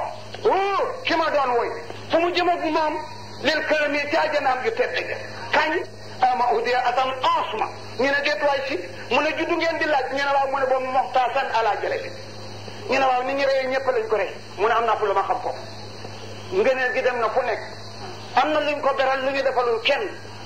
wuu ki ma doon woy fu mu jëm ak moom lil karami ci ajanaam ju tedd ja kañ ama uhdiya asan asma ñu ne déet waay si mu ne juddu ngeen di laaj ñu ne waaw mu ne boobu moxtaasan ala jële bi ñu ne waaw nit ñi rey ñëpp lañ ko rey mu ne am na fu lu ma xam ko ngëneel gi dem na fu nekk am na luñ ko beral lu ñu defalul kenn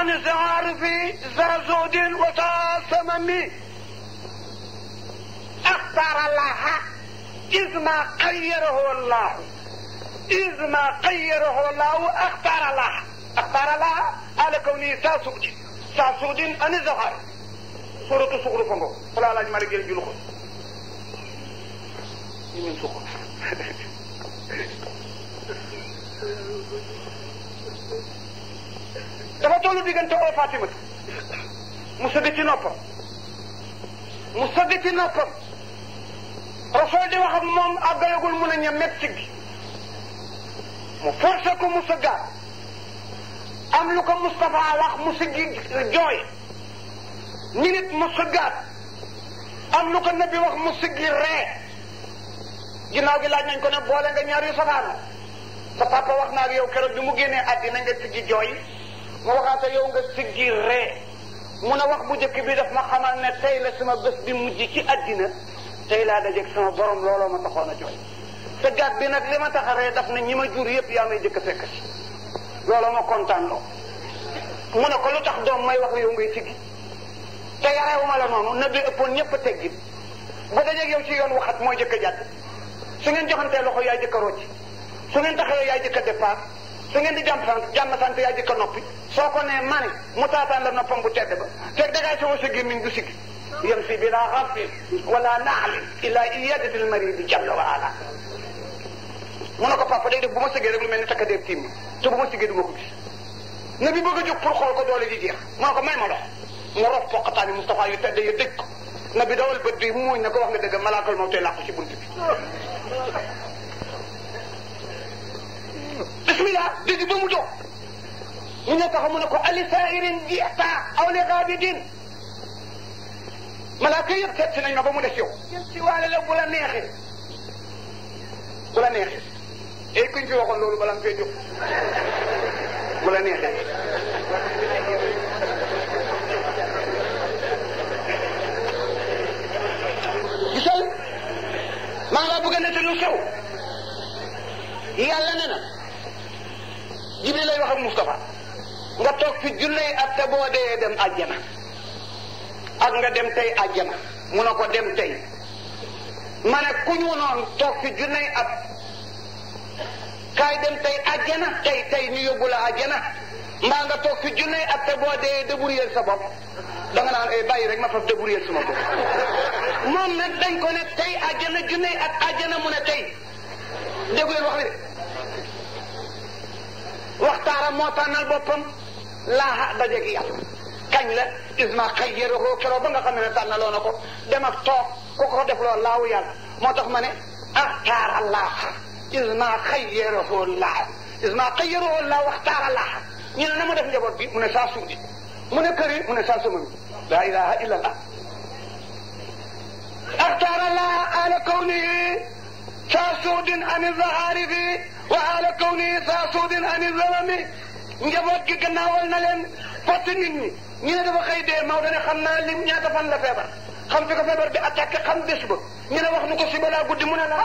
عن الزعارف ذا زهد وتسمم أخبر الله إذ ما قيره الله إذ ما قيره الله أخبر الله أخبر الله على كوني ساسود ساسود أن الزهر سورة سورة فنغو فلا لا جمال جيل جلوخ يمين سوق Thank you. dafa tollu diggante oo Fatima mu sëgg ci noppam mu sëgg ci noppam rasool di wax ak moom àggalagul mun a ñemeeg siggi mu forcé ko mu sëggaat am lu ko Moustapha mu siggi jooy minute mu sëggaat am lu ko nabi wax mu siggi ree ginnaaw gi laaj nañ ko ne boole nga ñaar yu safaan sa papa wax naa ak yow keroog bi mu génnee àddina nga siggi jooy ma waxaat yow nga siggi ree mun a wax bu jëkk bi daf ma xamal ne tey la sama bés bi mujj ci àddina tey laa dajeeg sama borom looloo ma taxoon a jooy te gàtt bi nag li ma tax a ree daf ne ñi ma jur yëpp yaa may jëkk a fekk si looloo ma kontaan loo mu ne ko lu tax doom may wax yow ngay siggi te yarewuma la noonu na bi ëppoon ñëpp a teggin bu dajeeg yow ci yoon waxat mooy jëkk a jàdd su ngeen joxantee loxo yaay jëkk a rocc su ngeen taxawee yaay jëkk a départ su ngeen di jàmm sant jàmm sant yaa jëkk noppi soo ko nee mani mu taataan la noppam bu tedd ba teg da ngaa ci wasa gémmiñ du siggi yem si bilaa xafin wala naalin ila iyadatil maridi jalla wa mu ne ko papa day def bu ma sëggee rek mu mel ni takka déer tiim te bu ma sëggee du ma ko gis na bi bëgg a jóg pour xool ko doole di jeex mu ne ko may ma dox mu rof poqataani Moustapha yu tedd ya dëj ko na bi dawal bët bi muuñ na ko wax nga dëgg malaakal moo tey làqu ci bunt بسم الله دي بومو جو ني نكا خمنكو علي سائر ديتا او لغابدين ملائكه يكتب سنن ما بومو ديو سي والا لا بولا نيهي بولا نيهي اي كوين في واخون لولو بلام في جو بولا نيهي ما لا بوغنا تلو سو يالا نانا Jibril lay wax ak Moustapha nga toog fi julley at te boo dee dem àjjana ak nga dem tey àjjana mu ne ko dem tey ma ne ku ñu noonu toog fi junney at kaay dem tey àjjana tey tey ñu yóbbu la àjjana mbaa nga toog fi junney at te boo dee débrouiller sa bopp da nga naan ay eh, bàyyi rek ma faf débrouiller sama bopp moom nag dañ ko ne tey àjjana junney at àjjana mu ne tey déglu leen wax bi واختار موطن البوبم لا دجاك يال كاج لا اذ ما خيره كرو بنغا خمنا تان لو نكو دما توك كوكو ديف لو لاو يال اختار الله اذ ما خيره الله اذ ما خيره الله واختار الله ني لا نمو ديف نجبوت بي مون ساسو دي مون كري مون ساسو مون لا اله الا الله اختار الله على كونه saa suudin ani zahaarifi wa ala kawni saa suudin ani zalami njaboot na leen fott nit ñi ñu dee Maodo ne xam fan la feebar xam feebar bi attaqué xam bés ba wax nu ko si balaa guddi mu ne la.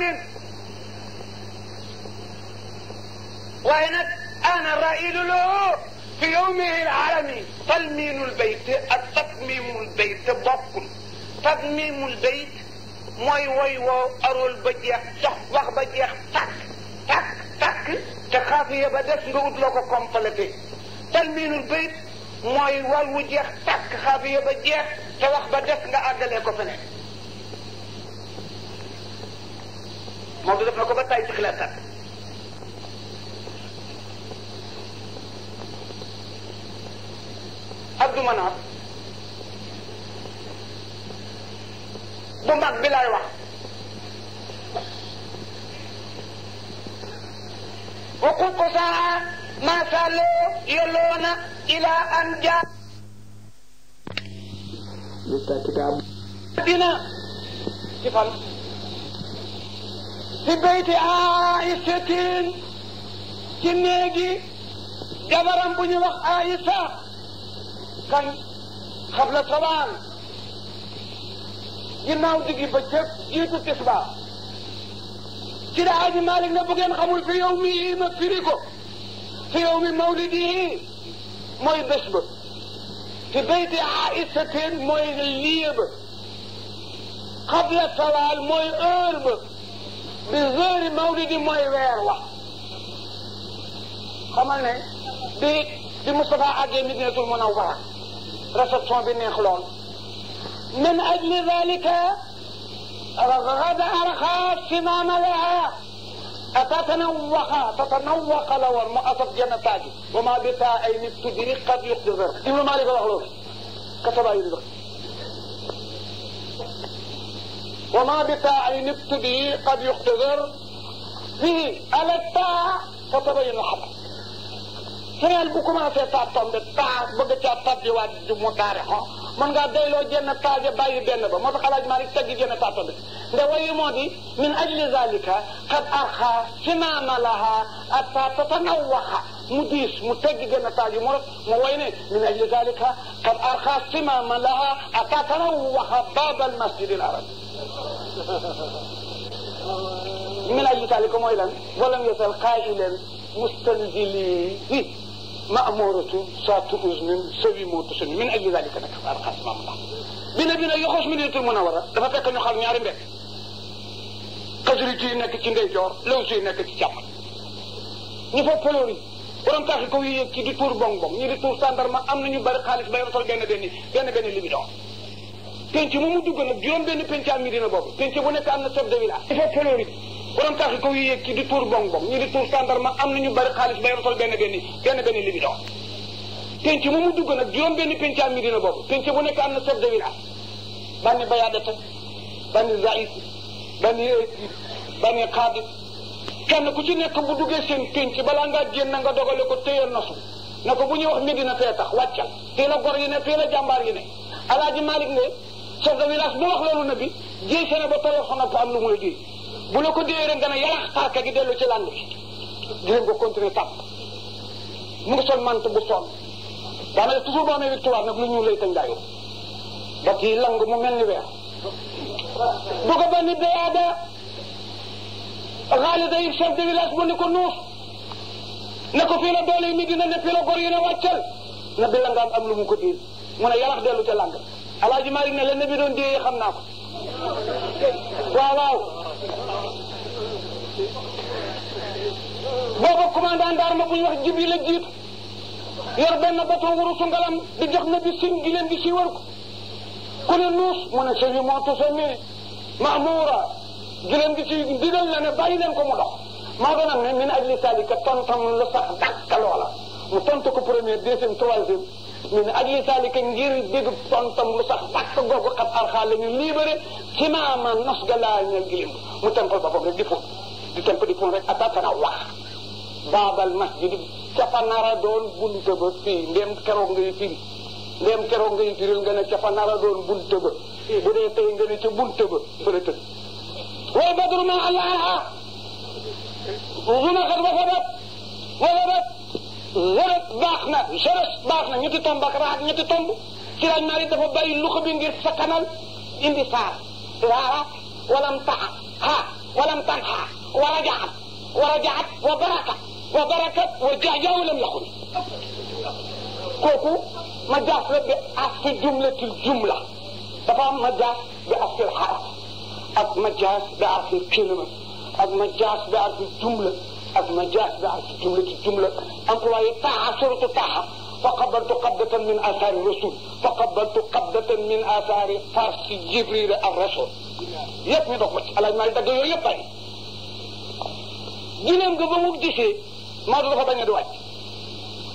شعب وهنا انا الرائد له في يومه العالمي تلمين البيت التقميم البيت بطل تقميم البيت موي وي و ارو البجيا تخ واخ بجيا تك تك تك تخاف يا بدك نقول لك كومبليتي تلمين البيت موي وي و جيخ تك خاف يا بجيا تخ واخ بدك نقول لك كومبليتي moom du def na ko ba tàyyi ci xilaat kat Abdou Manaf bu mag bi laay wax waxu ko saa maasaaloo yelloona ilaa an jaar dina ci fan في بيت عائشة تنيجي جبران بني وخ عائشة كان قبل صوال ينعو ديكي بجب يدو تسبا كده عادي مالك نبغين قمول في يومي ايما فريقو في يوم مولده موي بشب في بيت عائشة موي الليب قبل صوال موي ارمب من غير مولد ويروح xamal ne bi bi Moustapha àggee Madinatul Munawwara réception bi neex lool من أجل ذلك رغب أرخاء سنان لها أتتنوق تتنوق لو أتت جنة وما بتاء أين تدرك قد يقدر ابن مالك الله كتب يدرك وما بتاع نبتدي قد يقتدر به على التاع فتبين الحق هنا البكما في تعطم بالتاع بقيت تعطم بواد مكارحه mën ngaa doyloo jenn taaje bàyyi benn ba moo tax alaaj malik tagg jenn tàtta bi nde wayu moo di min ajli zalika qad arxa himama laha atta tatanawaxa mu diis mu tegg jenn taaje mu rek mu way ne min ajli zalika qad arxa himama laha atta tanawaxa baaba al masjid al arabi min ajli zalika mooy lan walam yasal qailan mustalzili ma مأمورة ساعة أذن سوي موت سن من أجل ذلك نكف أرخص ما منع بنا بنا يخص من يتم منورة دفع فيك أن يخال نعرم بك قدري تي نك تي ندي جور لو تي نك تي جامع نفا فلوري borom taxi ko yi ci di tour bong bong ñi di tour sandarma am nañu bari xaalis bay rotol benn benn benn benn li bi doon penc mu mu dugg nag juróom benn penc a mi dina boobu penc bu nekk am na chef de village il borom taxi kaw yi yëg ci di tuur bong bong ñu di tuur sandarma am nañu bari xaalis ba yor sol benn benn benn benn li bi dox penc mu mu dugg nag juróom benn penca mi dina boobu penc bu nekk am na chef de village banni bayaadata banni zaïs banni banni xaadis kenn ku ci nekk bu duggee seen penc balaa ngaa génn nga dogale ko téye nosu na ko bu ñuy wax Medina fee tax wàccal fii la gor yi ne fii la jàmbaar yi ne alaaji Malick ne chef de village bu wax loolu na bi jéy sene ba téléphone ak am lu muy di bu la ko déyee rek dana yalax paaka gi dellu ci lànd bi dinañ ko continuer tàpp mu ngi sol mant bu sonn daana def toujours boo amee victoire nag lu ñu lay tañ daayu bokk yi lang mu mel ni weer bu ko benn dayaada xaalida yi chef de village bu ni ko nuuf ne ko fii la doole yi mi dina ne fii la góor yi ne wàccal na bi langaan am lu mu ko diir mu ne yalax dellu ca làng alaaji Malik ne la ne bi doon déyee xam naa ko waaw waaw booba commandant d'arme bu ñu wax jibi la jiit yor benn bato wurusu ngalam di jox na bi sin di leen di siiwal ko ku ne nuus mu ne sëñ bi moo tose mi mahmoura di leen di si digal na ne bàyyi leen ko mu dox maa doon am ne min ajli salika tontam lu sax dàkka loola mu tontu ko premier deuxième troisième ñu ne ak li saalika ngir dégg tontam lu tax dàq googu xat arxaa la ñu libéré ci maama nos ga laa ñal gilim mu tempal boppam rek di fóot di temp di fóot rek atatana wax baabal masjid cafanara doon bunta ba fii ndéem keroog ngay firi ndéem keroog ngay firil nga ne cafanara doon bunta ba bu dee tey nga ne ca bunta ba fële tëdd way badru ma allah aha zuma xat wasabat wasabat wërëb baax na jeunesse baax na ñetti tomb ak raak ñetti tomb ci lañ naa dafa bari lu bi ngir sakanal indi saar waaraat walam taxa haa walam tanxa warajaat warajaat wa baraka wa barakat wa jaja walam yaxun kooku ma jaaf la bi asfi jumlatil jumla dafa am ma jaaf bi asfi xaraf ak ma jaaf bi arfi kilima ak ma jaaf bi arfi jumla ak najaat bi ak jumlati jumla employé taaxa suratu taaxa fa qabaltu min asaari rasul fa qabaltu min asaari farsi jibril ak rasul yépp ñu dox ma ci alaaj maa ngi dagg yooyu yépp ay ba mu gisee Maodo dafa bañ a di wàcc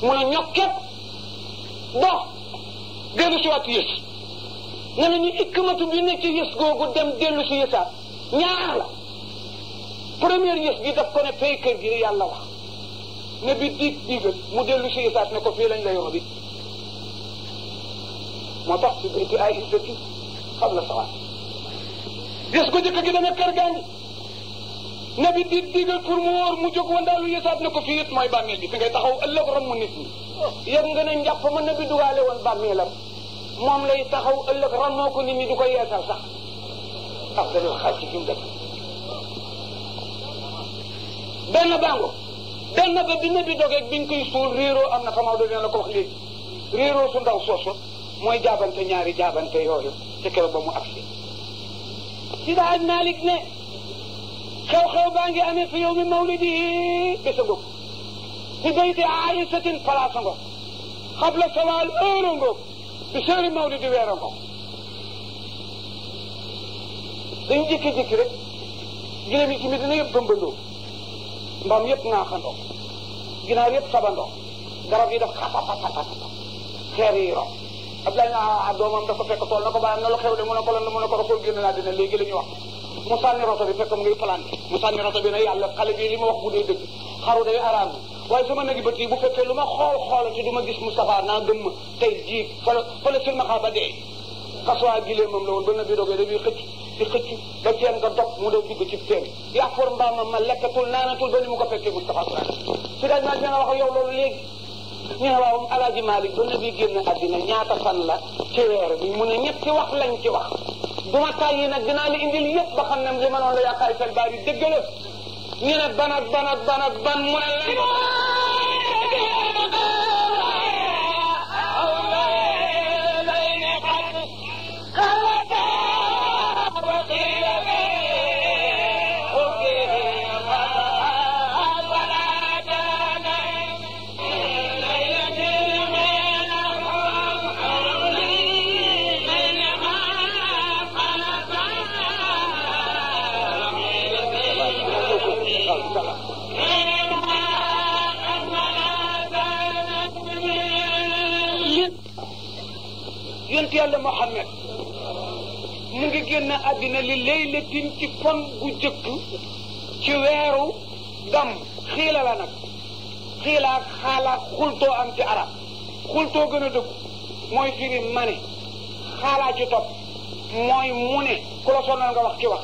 mu ne ñokket dox dellu si waat yës ne nañu ikkamatu bi ne ci yës googu dem dellu si a ñaar la premier yëf bi daf ko ne fay kër gi yàlla wax ne bi diig digal mu dellu si isaas ne ko fii lañ la yoon bi moo tax si béyti ay isati xam la sawaat yes ko jëkk gi dana kër gaa ne bi diig digal pour mu wóor mu jóg wandaalu yesaat ne ko fii it mooy bàmmeel bi fi ngay taxaw ëllëg romb nit ñi yëg nga ne njàpp ma ne bi dugaale woon bàmmeelam moom lay taxaw ëllëg ramoo ko nit ñi du ko yeesal sax afdalul xalqi fi mu benn bàngo benn ba bi bi dogeeg biñ koy suul réeroo am na xamaa do la ko wax léegi réeroo ndaw soosu mooy jaabante ñaari jaabante yooyu ci keroog ba mu agsi si daaj Maalik ne xew-xew baa ngi amee fi yow mi mawlidi bésa ngóob si bayti Aisatin palaasa ngóob xabla sawaal heure ngóob bi seeri mawlidi weera ngóob dañ jékki-jékki rek giléem yi ci mi dina yëpp gëmbandoo mbaam yëpp ŋaaxandoo ginaar yëpp sabandoo garab yi def xatatatatat xeer yi yor Abdoulaye na ah, doomam dafa fekk tool na ko bàyyam na lu xew de mu ne ko lan la mu ne ko rasul génn naa dina léegi la ñu wax mu sànni roto bi fekk mu ngi planté mu sànni roto bi ne yàlla xale li ma wax bu dee dëgg xaru day araam waaye sama nagi bët yi bu fekkee lu ma xool xoola ci du ma gis mu Moustapha naa gëm ma tey jii fala fala silmaxa ba dee xasuwaa gilee moom la woon ba nabi dogee dañuy xëcc di xëcc ba teen nga dog mu dee dugg ci teen yàppor mbaamam ma lekkatul naanatul ba ni mu ko fekkee Moustapha Sarr si dañ maa dina wax yow loolu léegi ñu ne waaw alaaji Malick ba nabi génn àddina ñaata fan la ci weer bi mu ne ñetti wax lañ ci wax duma tàyyi nag dinaa la indil yépp ba xam ne li ma noonu la yàqaay sel baar yi dëgg la ñu ne ban ak ban ak ban ak ban mu ne lan Oh, yàlla mu ngi génn àddina li laylatin ci fan gu jëkk ci weeru gam xiila nag xiila ak xultoo am ci arab xultoo gën a dëgg mooy firi mane xaalaa ci topp mooy mu ku la sonal nga wax ci wax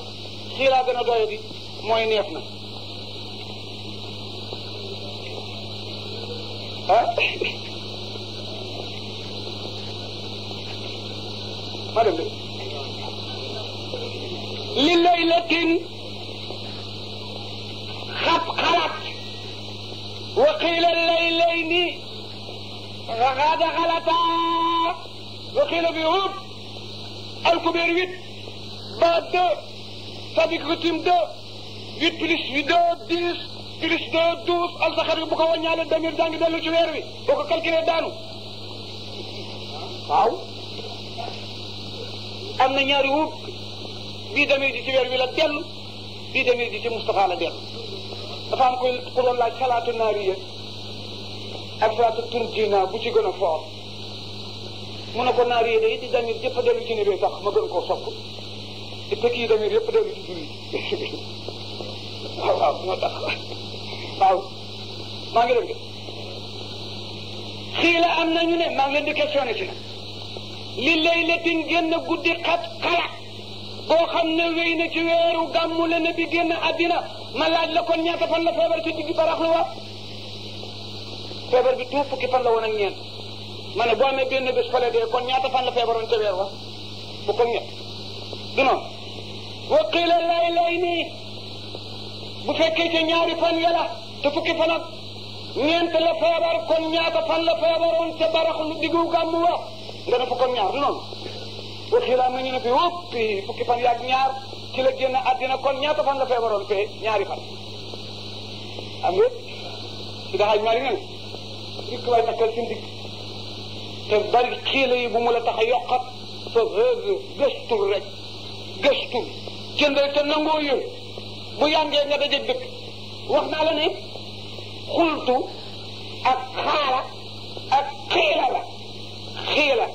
xiilaa gën a doy mooy neef na ah? مرة لليلة خطقرت وقيل الليلين غدا غلطا وقيل بيوب الكبير ويت بعد دو صديق غتيم دو ويت بلس ويدو ديس بلس دو دوس الزخر بكو ونيالا دمير دانجي دلو شوير وي بكو كالكيلي دانو waaw am na ñaari wut bii demir ji ci weer wi la dellu bii demir ji ci Moustapha la dellu dafa am koy ku doon laaj salaatu naariya ak salaatu turjina bu ci gën a foor mu ne ko naariya day di demir yëpp dellu ci nibee tax ma gën koo sopp te kii demir yëpp dellu ci julli waaw waaw moo tax waaw maa ngi dem de xii la am nañu ne maa ngi di questionné si nag li laylatin génn guddi xat xala boo xam ne wéy na ci weeru gàmmu la nabi génn àddina ma laaj la kon ñaata fan la feebar ci digg baraxlu wa feebar bi tuub fukki fan la woon ak ma ne boo amee benn bés fale dee kon ñaata fan la feebaroon ca weer wa fukk ak ñett du noonu wa qila lay lay nii bu fekke ca ñaari fan yàlla te fukki fan ak ñeent la feebar kon ñaata fan la feebaroon ca baraxlu diggu gàmmu wa nga ne fukk ak ñaar du noonu ma ñu ne fi wóppi fukki fan yaag ci la génn àddina kon ñaata fan la feebaroon fee ñaari fan am nga si daxaaj maa ri ne dikk waay takkal si ndigg te bari xiila yi bu mu la tax a yokkat fa hëg gëstul rek gëstul jëndal te nangoo yër bu yàngee nga dajeg dëkk wax naa la ne xultu ak xaala ak xiila xiila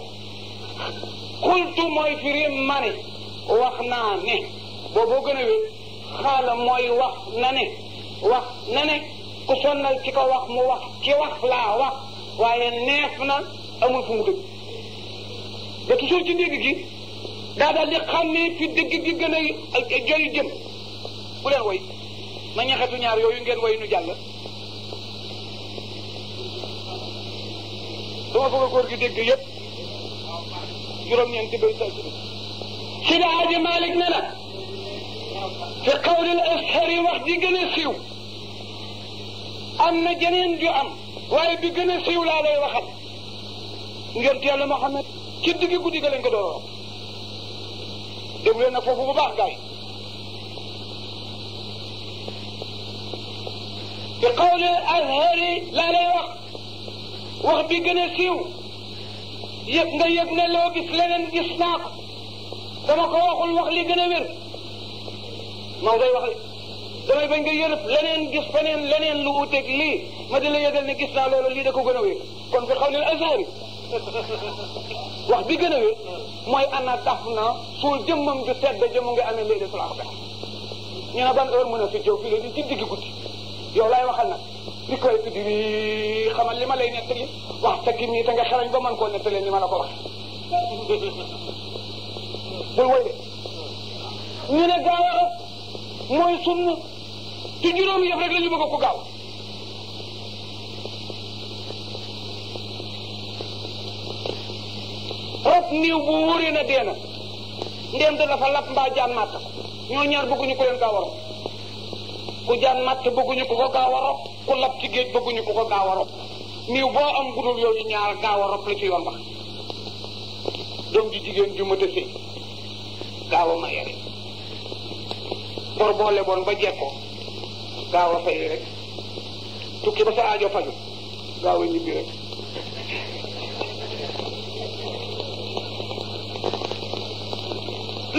xultu mooy firi mani wax naa ne boobu gën a wér xaala mooy wax na ne wax na ne ku sonnal ci ko wax mu wax ci wax laa wax waaye neef na amul fu mu dëgg da toujours ci ndégg gi daa di xam ne fi dëgg di gën a jori jëm bu leen woy ma ñaxetu ñaar yooyu ngeen woy nu jàll dama ko góor gi dégg yëpp juróom-ñeenti bay saa si Seydi Hadji Malick ne na fi qawlil ashari wax ji gën a siiw am na jeneen ju am waaye bi gën a siiw laa lay waxal ngeen yàlla Muhammad ci digg guddi ga lañ ko doon déglu leen nag foofu bu baax gaay fi qawlil ashari laa lay wax wax bi gën a siiw yëg nga yëg ne loo gis leneen gis naa ko dama ko waxul wax li gën a wér maa ngay wax damay bañ nga yërëb leneen gis feneen leneen lu wuteeg lii ma di la yëgal ne gis naa loolu lii da ko gën kon bi xaw ne azari wax bi gën a wér mooy ana daf na suul jëmmam ju sedd jëmm nga amee léegi su la ñu ne ban heure mën a fi jëw fii la ci digg guddi yow laay waxal nag di koy bi xamal li ma lay nettali wax te nii te nga xarañ ba mën koo nettalee ni ma la ko wax bul woy de ñu ne gaaw a rab mooy sunna ci juróomi yëpp rek la bëgg ko gaaw rab niiw bu wóoree na dee na ndéem dafa lap mbaa jaan màtt ñoo ñaar bëgguñu ko leen gaaw ku jaan matt bëgguñu ko ko gaaw a rob ku lab ci géej bëgguñu ko ko gaaw a rob niw boo am gudul yooyu ñaar gaaw a rob la ci yoon doom ji jigéen ju mët a gaaw a maye rek bor boo leboon ba jekkoo gaaw a fay rek tukki ba sa aajo faju gaaw a ñibbi rek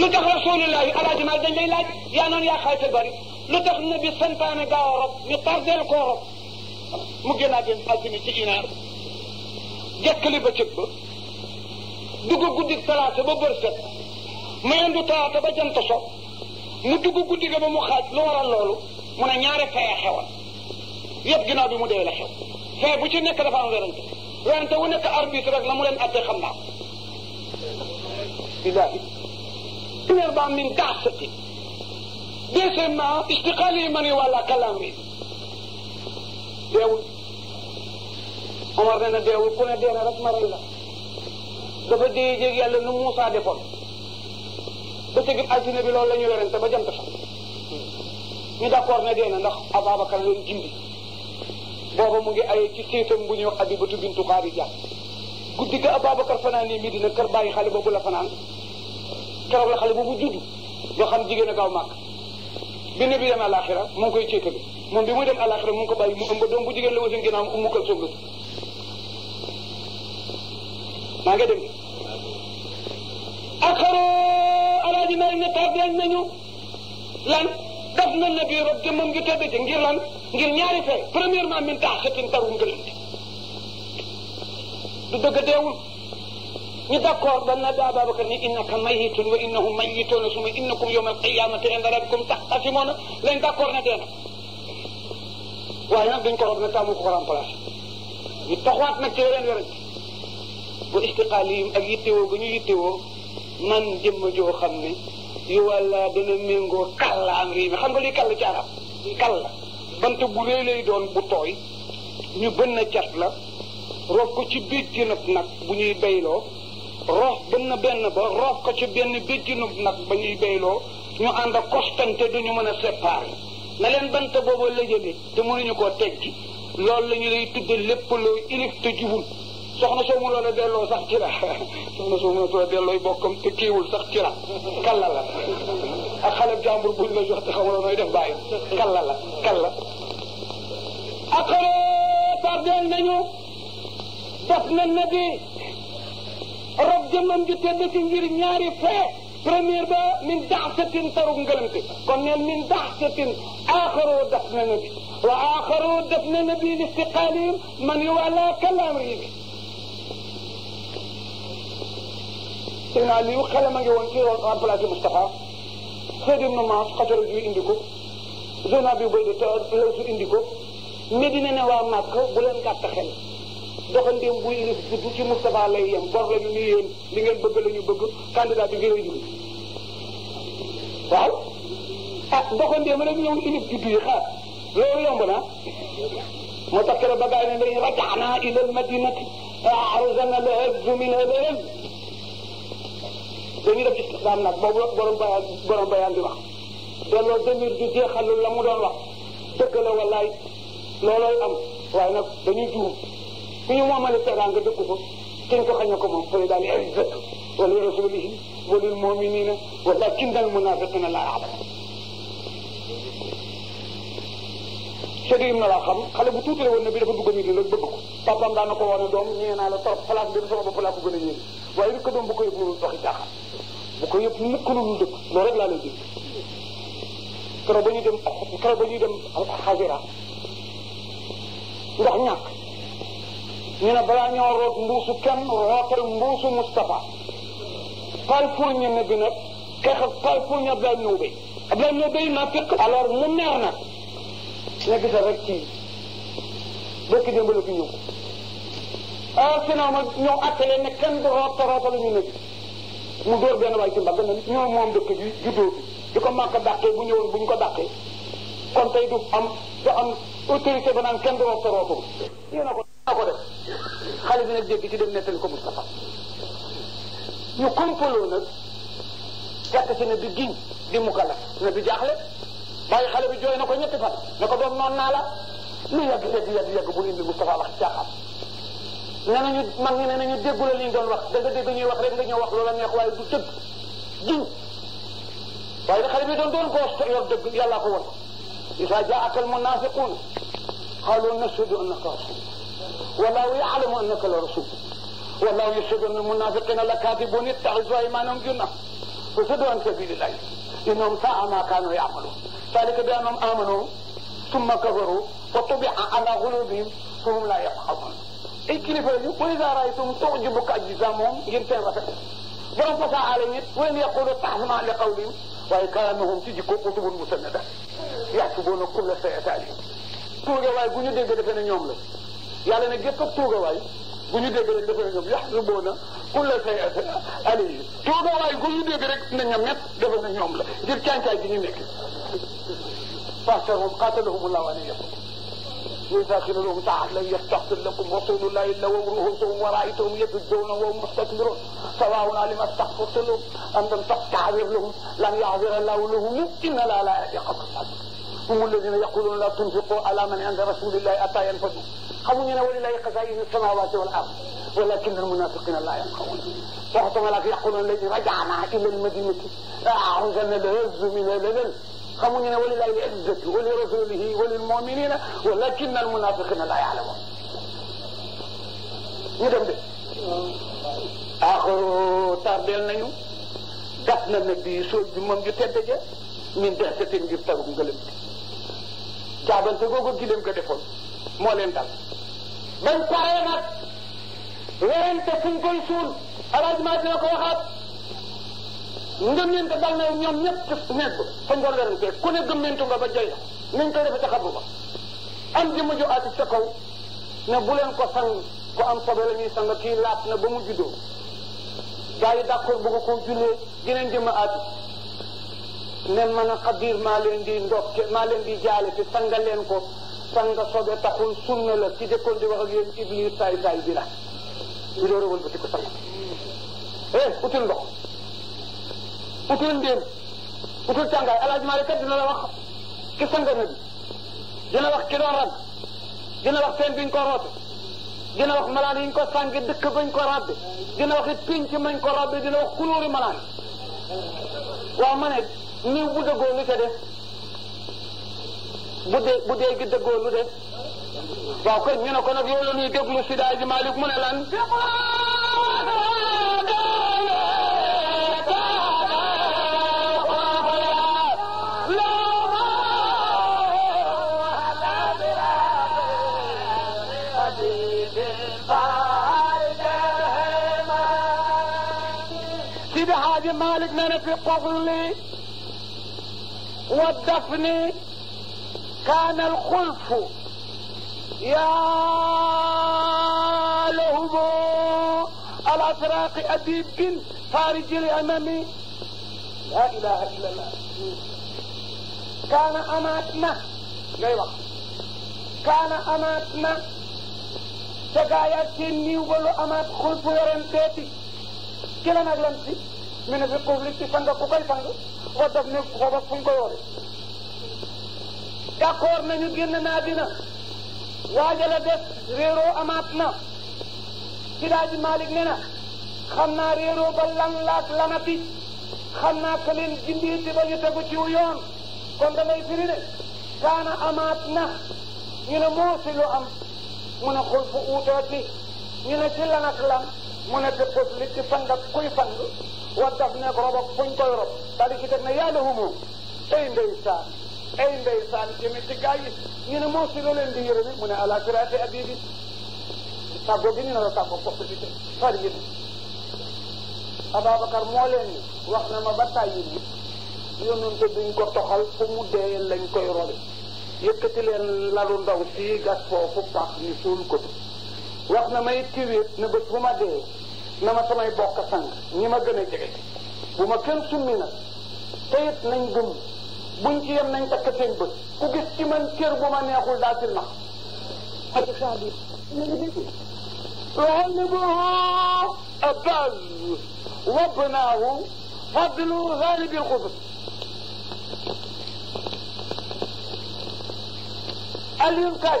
lu tax rasulillahi alaaji maa dañ lay laaj yaa noonu yaa xaalis bari lu tax na bi santaane gaaw a rob ñu tardeel koo rob mu gën a gën altine ci inaar jàkkali bëccëg ba dugg guddi talaata ba bër set mayandu talaata ba jant so mu dugg guddi ga ba mu xaaj lu waral loolu mu ne ñaari fee xewal yëpp ginnaaw bi mu dee la xew fee bu ci nekk dafa am werante werante wu nekk arbitre rek la mu leen atte xam naa billahi une heure ba min daasati deuxièmement istiqaal yi man yi wàlla kàllaam bi deewul Omar ne na deewul ku ne dee na rek la dafa dee jéeg yàlla nu Muusaa defoon ba tëgit altine bi loolu la ñu werante ba jant fa ñu d'accord ne dee na ndax Ababacar leen jimbi booba mu ngi aye ci séetam bu ñuy wax Abibatu bintu Xaarija guddi ga Ababacar fanaan nii mii dina kër bàyyi xale boobu la fanaan keroog la xale boobu judd nga xam jigéen a gaaw màgg benn bi dem àllaaxira mu ngi koy céetalu moom bi muy dem àllaaxira mu ngi ko mu ëmb bu jigéen la wasin ginnaaw ummu kalsoom la maa ngi dem ak xaroo alaaji na ngi ne tardeel nañu lan daf na nabi rob jëmmam ju tedd ci ngir lan ngir ñaari fee premièrement min tax xëtin tarwum gëlante du dëgg deewul ñi d' accord ba nabi ababacar ni innaka mayitun wa innahum mayituna suma innakum yawma alqiyamati inda rabbikum taxtasimuna lañ d' accord ne deena waaye nag duñ ko rob na taamu ko ko remplacé ñu taxawaat nag ci yeneen werante bu istiqaali yim ak yittewoo bu ñu yittewoo man jëmm joo xam ne yu walla dana méngoo kàlla am réew mi xam nga luy kàll ci arab kàll bant bu réy lay doon bu tooy ñu bënn cat la rob ko ci biir ci nag nag bu ñuy bayloo roof benn benn ba roof ko ci benn béjjinu nag ba ñuy béyloo ñu ànd a kostante duñu mën a séparé na leen bant boobu la jëlee te mënuñu koo teggi loolu la ñu lay tudde lépp loo ilif te jubul soxna soo mënoo la delloo sax ci la soxna soo mënoo la dellooy bokkam te kiiwul sax ci la kalla la ak xale jàmbur buñ la jox te xamuloo nooy def bàyyi kalla la kalla ak xale tardeel nañu def na nabi rab jëmmam ji tedd ci ngir ñaari fee première ba min daxsatin tarug ngëlante kon neen min daxsatin aaxaro daf na nabi wa aaxaro daf na nabi li istiqaalihim man yu wala kalaam riibi seenaa liu xelam a ngi woon ci remplacé Moustapha Seydi Ibn Maas xatara ju indi ko zona bi bay de lawsu indi ko Medina ne waa Màkk bu leen gàtt xel doxandeem bu yilif gudd ci Moustapha lay yem bor la ñu ni yéen li ngeen bëgg la ñu bëgg candidat bi gën a jug waaw ah doxandeem rek ñëw ilif gudd yi xaar loolu yomb na moo tax keroog ba gaay ne dañu rajaana ila almadinati aarusana lahazzu min hadam dañu def istiqdaam nag boobu borom bayaan borom bayaan di wax delloo demir di jeexalul la mu doon wax dëgg la wallaay loolooy am waaye nag dañuy juum ñu suñu moomale teraanga dëkk ko kenn ko xañ ko moom fa daal ay wa wala rasulihi wala muminina wala kindal munafiqina la ya'lam Sëriñ na laa xam xale bu tuuti la woon ne bi dafa dugg nit la bëgg ko papaam daan na ko woon doom ñee naa la trop place bi sama bopp laa ko gën a yéene waaye rek doom bu ko yëpp lu doxi caaxaan bu ko yëpp mukk lu ñu dëkk loolu rek laa lay dëkk keroog ba ñuy dem keroog ba ñuy dem xasira ndax ñàkk ñu ne balaa ñoo root mbuusu kenn rootal mbuusu Moustapha palpurña bi nag kexe palpurña Abdoulaye Ndioube Abdoulaye Ndioube yi naa fekk alors mu neex nag nga gisal rek ci dëkk démb la fi ñëw ah sinon ma ñëw attelé ne kenn du roota rootalu ñu ne mu dóor benn waay ci mbagg ne ñoo moom dëkk bi juddoo bi di ko màkk dàqee bu ñëwoon bu ñu ko dàqee kon tey du am du am autorité ba naan kenn du roota rootalu a ko def xale bi nag dégg ci dem nettali ko Moustapha ñu kompaloo nag fekk ci ne bi giñ di mu kala ne bi jaaxle bàyyi xale bi jooy na ko ñetti fan ne ko doom noonu naa la lu yàgg yàgg yàgg yàgg bu indi Moustapha wax caaxaan nee nañu mag ñi nee nañu déggula li ñu doon wax da nga dégg ñuy wax rek nga ñëw wax loola neex waaye du tëgg giñ waaye da xale bi doon doon koo yor dëgg yàllaa ko won isa jaaka al munafiqun qalu nashhadu annaka rasulullah wallahu yaalamu annaka la rasul wallahu yashhadu anna almunafiqina lakatibun ittakhidhu aymanahum junna fasaddu an sabilillahi innahum sa'a ma kanu ya'malun dhalika bi annahum amanu summa kafaru fa tubi'a ala qulubihim fahum la yafqahun ay kilifa yu wa idha ra'aytum tu'jibuka ajsamuhum ngeen seen rafet borom fasaa ala nit wa in yaqulu tahsama li qawlihim waaye kalaamahum ci jikko kutubun musannada yaxsubuuna kulla shay'in alim tuuge waaye bu ñu dégg defe ne ñoom la yàlla ne gépp ak tuugawaay bu ñu dégg rek dafa ngam yaxsubuuna kulla say'atin alayhim tuugawaay bu ñu dégg rek na ñam ñett dafa na ñoom la ngir càncaay gi ñu nekk فاحشرهم قاتلهم الله وليكم وإذا قيل لهم تعالى يستغفر لكم رسول الله إلا وامرؤوسهم ورأيتهم يسجون وهم مستكبرون سواء علم استغفرت لهم أم لم تستعذر لهم لن يعذر الله لهم إن لا لا يقصد هم الذين يقولون لا تنفقوا على من عند رسول الله أتى ينفذون xamuñu ولله walillahi السماوات والأرض ولكن المنافقين لا يفقهون واحتمل في يقولون الذي رجعنا الى المدينه اعوذنا العز من الذل خمون ولله العزه ولرسوله وللمؤمنين ولكن المنافقين لا يعلمون ندم دي اخر تاردل نيو دفنا النبي سوج موم جو من دهتين جو تارو caabal sa googu gileem ko defoon moo leen dal bañ paree nag werante fu ñu koy suul arrangement dina ko waxaat ngëmmente dal na ñoom ñëpp nekk fa ñu doon werante ku nga ba joy nañ koy defe ca xabru ba am jëma jo ati sa kaw ne bu leen ko sang ko am sobe la ñuy kii laat na ba mu juddoo gars yi d'accord bëgg koo jullee dinañ jëma aati ne man a xabiir maa leen di ndokke leen di jaale te sanga leen ko sanga sobe taxul sunna la ci dëkkoon di wax ak yéen iblis saay saay bi la ñu door a wëlbati ko sang eh utul ndox utul ndéem utul tàngaay alaaj maa kat dina la wax ki sanga na bi dina wax ki doon rag dina wax teen biñ ko roote dina wax malaan yiñ ko sàngi dëkk bañ ko rabbe dina wax it pinc mañ ko rabbe dina ma न कुझु बोलू छॾे ॿुधे किथे बोलो रे कॉक मोकिलियो मुशीद आहे मालिक किथे आलिक माने पहु والدفن كان الخلف يا لهم الأسراق أديب بن فارج الأمم لا إله إلا الله كان أماتنا أيوة كان أماتنا تقايا تيني وقولوا أمات خلف ورنتيتي كلا نغلمتي من في قبلتي فانقا كوكاي فانقا ba def ne booba fu nañu génn naa dina waajala des réeroo amaat na Sidaaji Malik ne na xam naa réeroo ba lan laak lanati xam naa ka leen jinditi ba ñu tegu ci yoon kon damay firi ne kaana amaat na ñu ne moo si lu am mu ne xul fu uutooti ñu ne ci lan lan mu ne dëppos li ci fang ak kuy fang wa daf ne ko rob ak fuñ koy rob daal di ci teg ne yàlla humu ay ndeysaan ci gaa yi ñu ne moo si loo leen mu ne ala siraati abibi tàggoo gi ñu ne la tàggoo bokk ci far yi Ababacar moo leen wax na ma ba tàyyi ni yonente duñ ko toxal fu mu dee lañ koy robe yëkkati leen lalu ndaw sii gas foofu pax ñu suul ko wax na may tiwit ne bés bu ma dee na ma samay bokk sang ñi ma gën a jege bu ma kenn summi nag teyit nañ gëm buñ ci yem nañ takk seen bët ku gis ci man cër bu ma neexul daa sil ma وغلبه أباز وابناه فضل غالب القدر Aliou Kay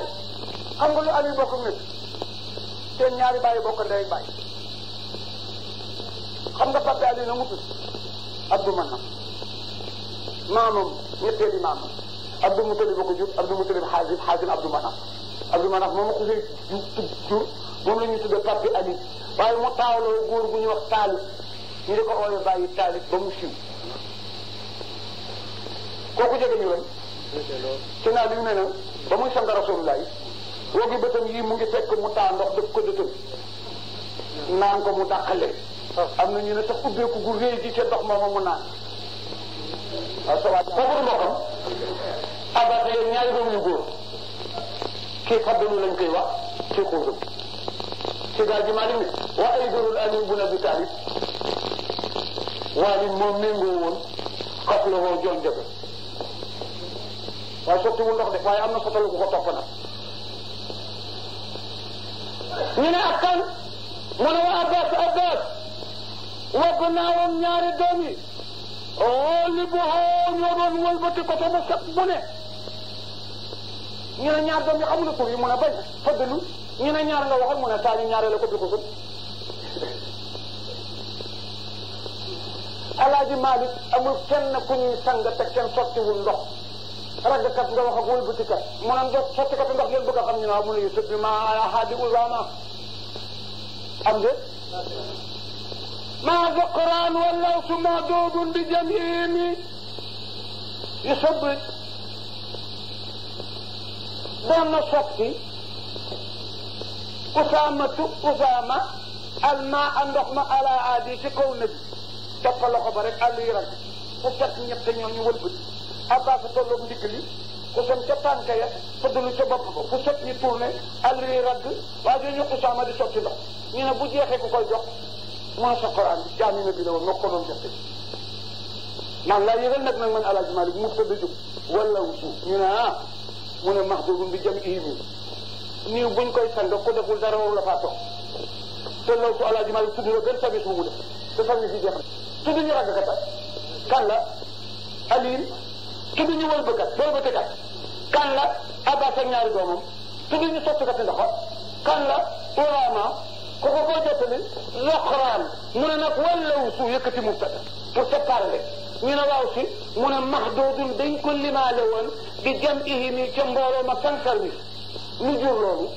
xam nga lu Aliou bokk nit seen ñaari bàyyi bokk ndey bàyyi xam nga Fapal yi nag mu tudd Abdou Manaf maamam ñetteeli maamam Abdou Moutalib ba ko jur Abdou Moutalib Xaazim Xaazim Abdou Manaf Abdou Manaf moom ko xusey jur moom la ñuy tuddee papi Ali waaye mu taawloo góor bu ñuy wax ñu di ko ooyee bàyyi Taalib ba mu siiw kooku jege ñu ren ci naa li ne na ba muy sanga Rasulullah woo gi bëtam yii mu ngi fekk mu taa ndox daf ko dëtam naan ko mu dàqalee am na ñu ne sax ubbeeku gu réy gi ca ndox ma mu naan waaw sa waay kooku du mbokkam abaata yéen ñaari doom yu góor kii faddalu lañ koy wax kii xuusam ci daal ji maa ne waa ay dorul Aliou bu Talib waaye moom méngoo woon xas la woo joon jafe waaye sottiwul am na sotalu ku ko topp nag ñu mu ne wa Abbas Abbas wa gannaawam ñaari doom yi xooli oh, bu xoo ñoo doon wëlbati côté ba set bu ne ñu ne ñaar doom yi xamuñu pour yi mun a béy faddalu ñu ne ñaar nga waxoon mu ne saa ñu ñaaree la ko dugg ko alaaji Malick amul kenn ku ñuy sang te kenn sottiwul ndox raggkat nga wax ak wëlbati kat mu ne ndox sottikat ndox ngeen bëgg a xam ñu ne amul yusuf bi ma ahadi ulama am de ما ذقران واللوث معدود بجميع يصبت دم سكتي أسامة أسامة الماء النقم على عادي تكون نبي تقل خبرك قال لي رجل فسكت نيبت نيوني والبد أباس طلب نقلي ku sën ca tànk ya fëddalu ca bopp ba ku sët ñi tourné alri ragg waa jooju ñu Usaama di sotti ndox ñu ne bu jeexee ku koy jox mois sa Quraan bi jaamina bi la woon nga ko doon def naan laa yëgal nag nag man El Hadj Malick mu tëdd jóg wala ñu ne ah mu ne maxdubun bi jëm ii bi nii buñ koy sang ko deful dara waru la faa toog te loolu su El Hadj Malick tudd la benn service bu mu def te service yi jeex na tudd ñu ràgg kat ah. kan la Aliin tudd ñu wëlbakat wëlbakat kan la Abbas ak ñaari doomam tudd ñu sotti kat ndox ah. kan la Urama ko ko ko jottali loqraan mu ne nag wallaw su yëkkati mubtada pour te parler ñu ne waaw si mu ne mahdudun dañ ko limaale woon di jam ihi nii ca mbooloo ma sankar bi lu jur loolu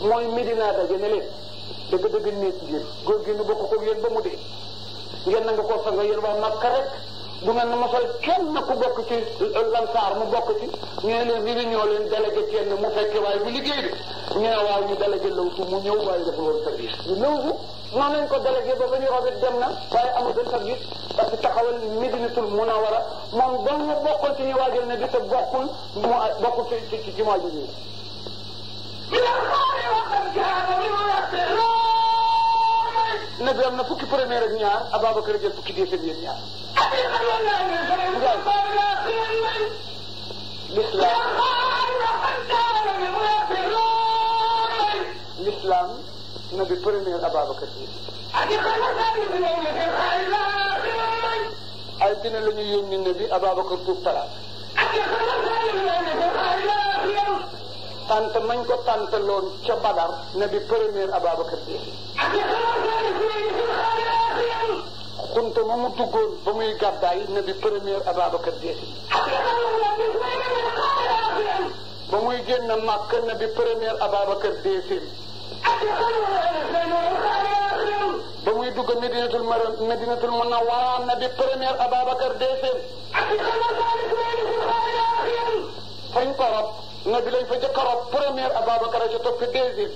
mooy Medina daje ne leen dëgg-dëgg néeg ngeen góor gi nu bokk ko yéen ba mu dee ngeen na nga koo sanga yéen waa Makka rek du ngeen na mosal kenn ku bokk ci lansaar mu bokk ci ñu ne leen ñu ne ñoo leen délégué kenn mu fekke waaye bu liggéey bi ñu ne waaw ñu délégué lawtu mu ñëw waaye dafa woon service ñu lawtu noonu lañ ko délégué ba ba ñu robit dem na waaye amul benn service parce que taxawal Medinatul Munawara moom dong nga bokkul ci ñu waajal ne bi te bokkul mu bokkul ci ci ci waajal yi nabi am na fukki premier ak ñaar Ababacar jël fukki deuxième yéen ñaar l'islam na bi premier Ababacar bi ay dina la ñu yónni ne bi Ababacar tuub talaat tant mañ ko tantaloon ca Badar na bi premier Ababacar bi xunte ma mu duggoon ba muy gàddaay na bi première Ababacar jeesi ba muy génn màkk na bi première Ababacar jeesi ba muy dugg medinatul mar medinatul munawwara na bi première Ababacar jeesi fañ ko rob na bi lañ fa jëkk a rob première Ababacar a ca toppi deuxième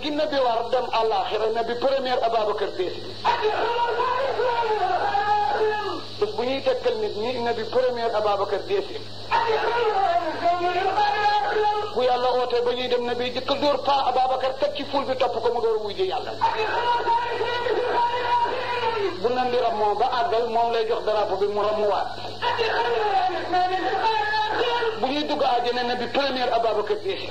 لكن نبي وردم الاخره نبي بريمير ابو بكر بيت بس بني تكلمت مين نبي بريمير ابو بكر بيت ويا الله اوت بني دم نبي ديك دور فا ابو بكر تكي فول بي توب كو مدور ويجي يالا بنا ندي رمو با ادل موم لاي جوخ درابو بي مو رمو وات بني دوغ اجي نبي بريمير ابو بكر بيت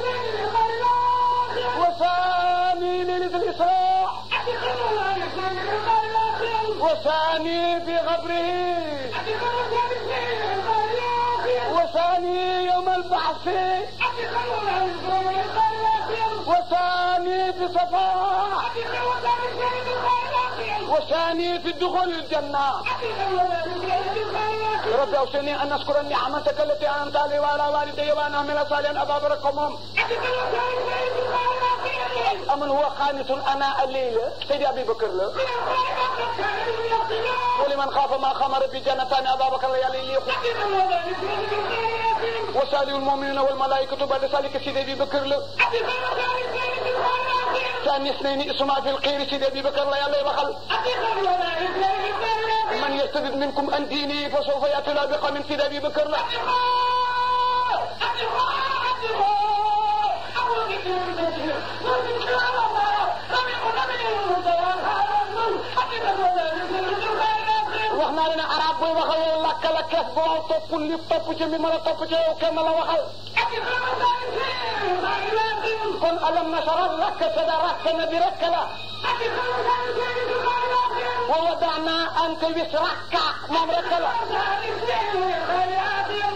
وثاني ليلة الإصلاح وثاني في غبره وثاني يوم البعث وثاني في صفا وثاني في الدخول الجنة رب اوصني ان أشكر نعمتك التي أنت علي وعلى والدي وان اعمل صالحا ابا بركهم أمن هو قانت أنا الليلة سيدي أبي بكر له ولمن خاف ما خمر ربي جنتان أبا بكر يا ليلي وسالي المؤمنين والملائكة بعد ذلك سيدي أبي بكر له ثاني اثنين اسمع في القير سيدي أبي بكر لا يالي بخل من يرتد منكم أن ديني فسوف يأتي لابقا من سيدي أبي بكر له wax naa leen arab booy waxal yow làkk la kees boo topp li topp ci li mën a topp ci yow kenn la waxal kon alam nasharah laka sadrak nabiraka la ووضعنا أنت وسرك ممرك له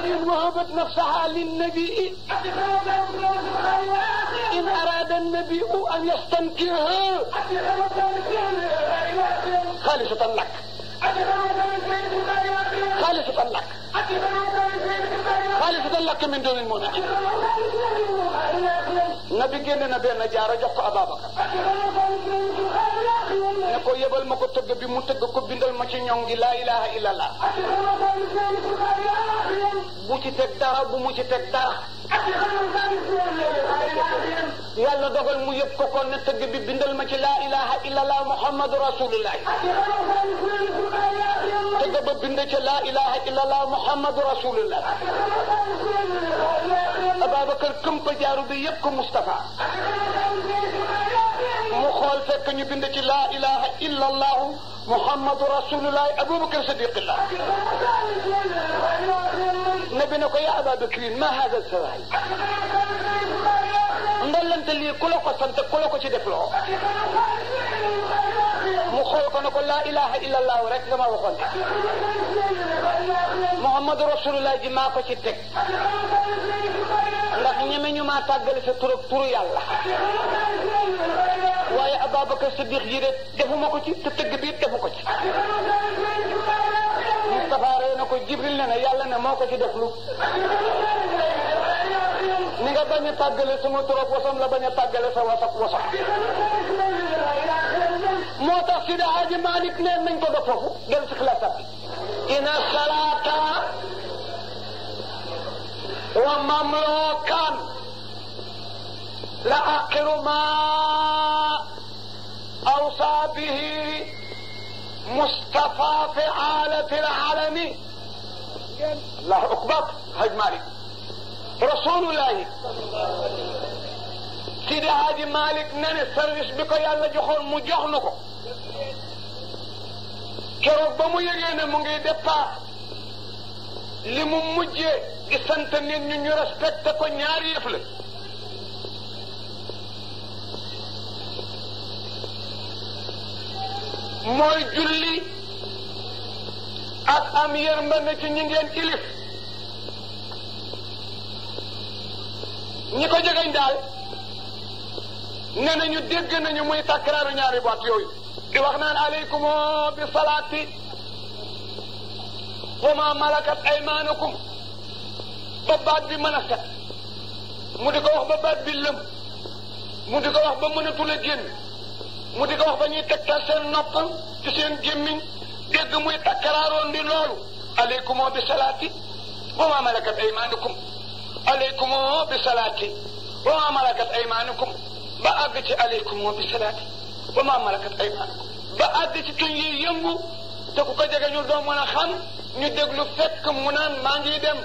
مريم وهبت نفسها للنبي إن أراد النبي أن يستنكرها خالصة لك خالصة لك خالصة لك من دون المؤمنين نبي جينا نبي نجارة جفت أبا بكر ne ko yebal ma ko tëgg bi mu tëgg ko bindal ma ci ñoŋ gi laa ilaha illallah bu ci teg dara bu mu ci teg dara yàlla dogal mu yëpp ko kon ne tëgg bi bindal ma ci laa ilaha illallah muhammadu rasulullah tëgg ba bind ci laa ilaha illallah muhammadu rasulullah Ababacar këmpa jaaru bi yëpp ko Mustafa taxawal fekk ñu bind ci laa ilaha illa allahu muhammadu rasulullahi abubakar sadiqillah nabi ne ko ya aba bakrin ma hada sawaay ndollante lii ku la ko sant ku la ko ci def loo mu xool ko ne ko laa ilaha illa allahu rek nga ma waxoon muhammadu rasulullah ji maa ko ci teg ndax ñeme ñu maa tàggale sa tur ak turu yàlla waaye Ababacar Siddiq ji de defuma ko ci te tëgg biir defu ko ci Moustapha rey na ko Jibril ne na yàlla ne moo ko ci def lu ni nga bañ a tàggale sama trop wasam la bañ a tàggale sa wasak wasak moo tax Sidi Hadji Malick ne nañ ko ba foofu del si xilaasat bi ina salaata wa mamlookan la aqiru maa اوصابه مصطفى في عالة العالم الله اقبط هج مالك رسول الله صلى الله مالك ناني سروش بكو يال جخور مو جخنوكو جرو بو مو ييريني مو گي ديبا لي مو موجي دي نين ني ني ريسپيكت كو نياار ييفلا mooy julli ak am yërmande ci ñi ilif ñi ko jegeñ daal nee nañu dégg nañu muy takraaru ñaari baat yooyu di wax naan aleykum bi salaati wa ma malakat aymaanakum ba baat bi mën a set mu di ko wax ba baat bi lëm mu di ko wax ba mënatul a génn mu di ko wax ba ñuy seen nopp ci seen gémmiñ dégg muy takaraaroon di loolu aleykumoo bi salaati wa maa malakat aymaanukum aleykumoo bi salaati wa maa malakat aymaanukum ba àgg ci aleykumoo bi salaati wa maa malakat aymaanukum ba àgg ci yi yëngu te ku ko ñu doo mën xam ñu déglu fekk mu naan maa ngi dem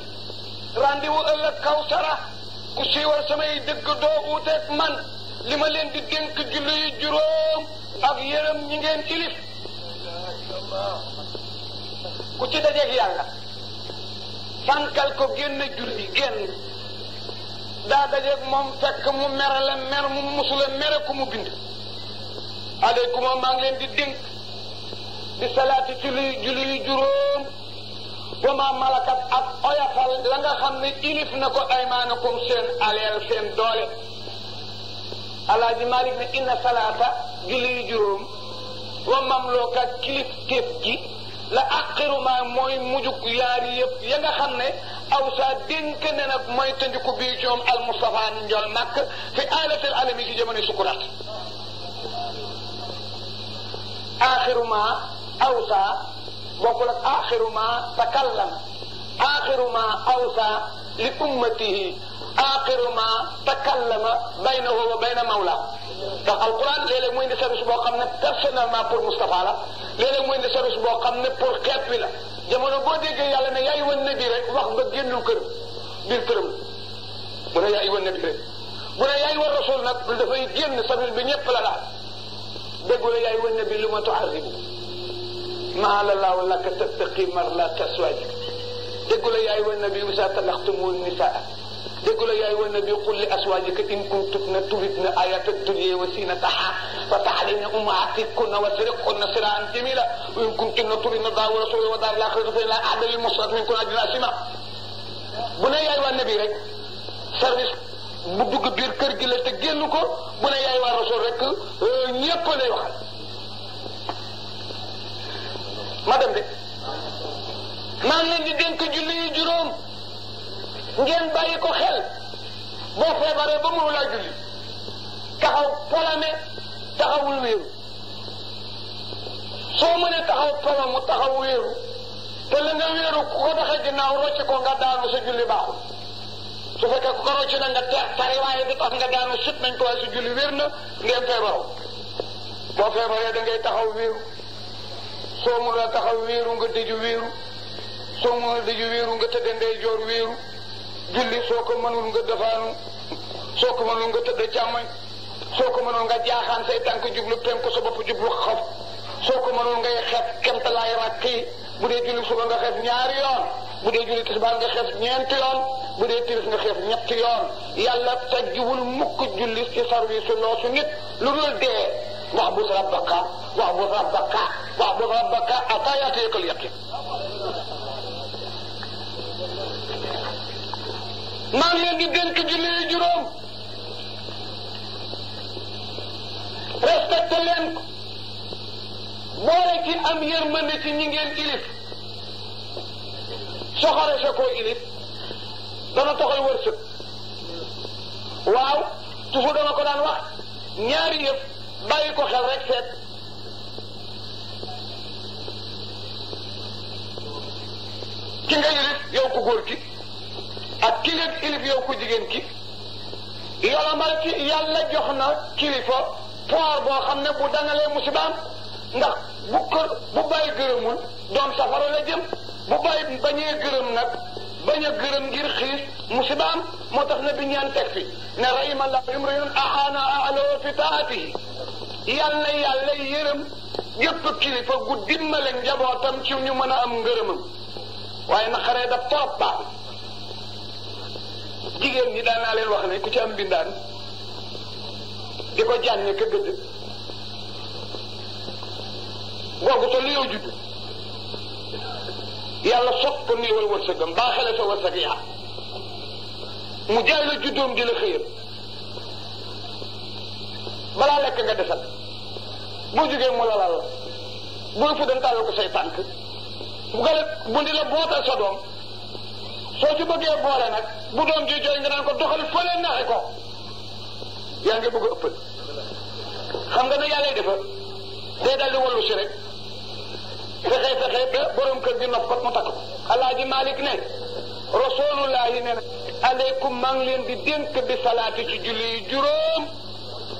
rendez-vous ëllëg kaw sara ku siiwal samay dëgg doo uuteeg man li ma leen di dénk julli yu juróom ak yërëm ñi ngeen ilif ku ci dajeeg yàlla sànkal ko génn julli génn daa dajeeg moom fekk mu mere la mer mu musula mere ku mu bind aleykuma maa ngi leen di dénk di salaati julli juróom wa ma malakat ak oyafal la xam ne ilif na ko aymaanakum seen aleel seen doole الحاج مالك نه ان صلاه جلي جوم ومملوكه كليف كيف كي لا اخر ما موي مجوك يار ييب ياغا خامني او سا دينك ننا موي تنجوكو بي جوم المصطفى نجول مك في اله العالم كي جمني سكرات اخر ما اوصى بقول اخر ما تكلم اخر ما اوصى لامته آخر ما تكلم بينه وبين مولاه فالقرآن ليلة موين دي سرش بو قمنا ترسنا ما بور مصطفى لا ليلة موين دي سرش بو قمنا بور كيف ملا جمعنا بو دي جي يالنا يا ايوان نبي رأي وقت بدين لو كرم بير كرم بنا يا ايوان نبي رأي بنا يا ايوان رسول نت بلده في جيم نسرش بن يبلا لا بقول يا ايوان نبي لما تعذب ما على الله ولا كتبتقي مر لا تسواجك تقول يا ايها النبي وزاد تلختمون نساءك dëggu la yaay wa nabi qul li aswaajika in kuntunna turidna ayata dunya wa zinataha fa ta'alayna ummahatikunna wa sariqunna siraan jamila wa in kuntunna turidna daa wa rasula wa daar laaxirata fa la ahda lil muhsanat minkunna ajran azima bu ne yaay wa nabi rek service bu dugg biir kër gi la te génn ko bu ne yaay rasul rek euh, ñépp lay waxal ma dem de maa ngi leen di dénk julli juróom ngeen bàyyi ko xel boo feebaree ba mënu laa julli taxaw polame taxawul wéeru soo mënee taxaw polamu taxaw wéeru te la nga wéeru ku ko doxee ginnaaw na nga teex tari waaye di tax nga nañ ko wér na ngeen feebaroo boo taxaw wéeru soo taxaw wéeru nga dëju wéeru soo mënul a dëju wéeru nga tëddee joor wéeru julli soo ko mënul nga defaanu soo ko mënul nga tëdd càmmoñ soo ko mënul nga jaaxaan say tànk jublu penku sa bopp jublu xof soo ko mënul ngay xeeb kemtalaay rakk yi bu dee julli suba nga xeeb ñaari bu dee julli tisbaar nga xeeb ñeenti yoon bu dee tiris nga xeeb ñetti yoon yàlla sajjiwul mukk julli ci service loo su nit lu dul dee wax bu rabbaka wax rabbaka wax rabbaka ataa yaatiyakal yaqin maa ngi leen di dénk junni juróom respecté leen ko boole ci am yërmande ci ñi ngeen ilif soxore sa koo ilif dana taxoy wërsëg waaw toujours dama ko daan wax ñaari yëpp bàyyi ko xel rek seet ki ilif yow ku góor ak kilif ilif yow ku jigéen ki yolomal ki yàlla jox na kilifa poor boo xam ne bu dangalee musibaam ndax bu kër bu bàyyi gërëmul doom safara la jëm bu bàyyi bañee gërëm nag bañ a gërëm ngir xiis musibaam moo tax ne bi ñaan teg fi ne rahima la imriyun ahana aloo fi taatihi yàlla na yàlla yërëm yëpp kilifa gu dimbale njabootam ci ñu mën a am ngërëmam waaye na xaree daf torop baax jigéen ñi daan naa leen wax ne ku ci am mbindaan di ko jànne ka gëdd googu te lu yow judd yàlla soog ko néewal wërsëgam baaxale sa wërsëg yaa mu jaay la juddoom di la xëyal balaa lekk nga desal boo jógee mu la booy fu dem tàllal ko say tànk bu di la bootal sa doom soo ci bëggee boole nag bu doom ji jooy nga naan ko doxal fële naxe ko yaa ngi bëgg a ëppal xam nga ne yàlla defa day daldi wallu si rek fexe fexe ba borom kër gi nopp ko mu takk alaaji malik ne rasulullahi ne aleykum maa ngi leen di dénk bi salaati ci julli yi juróom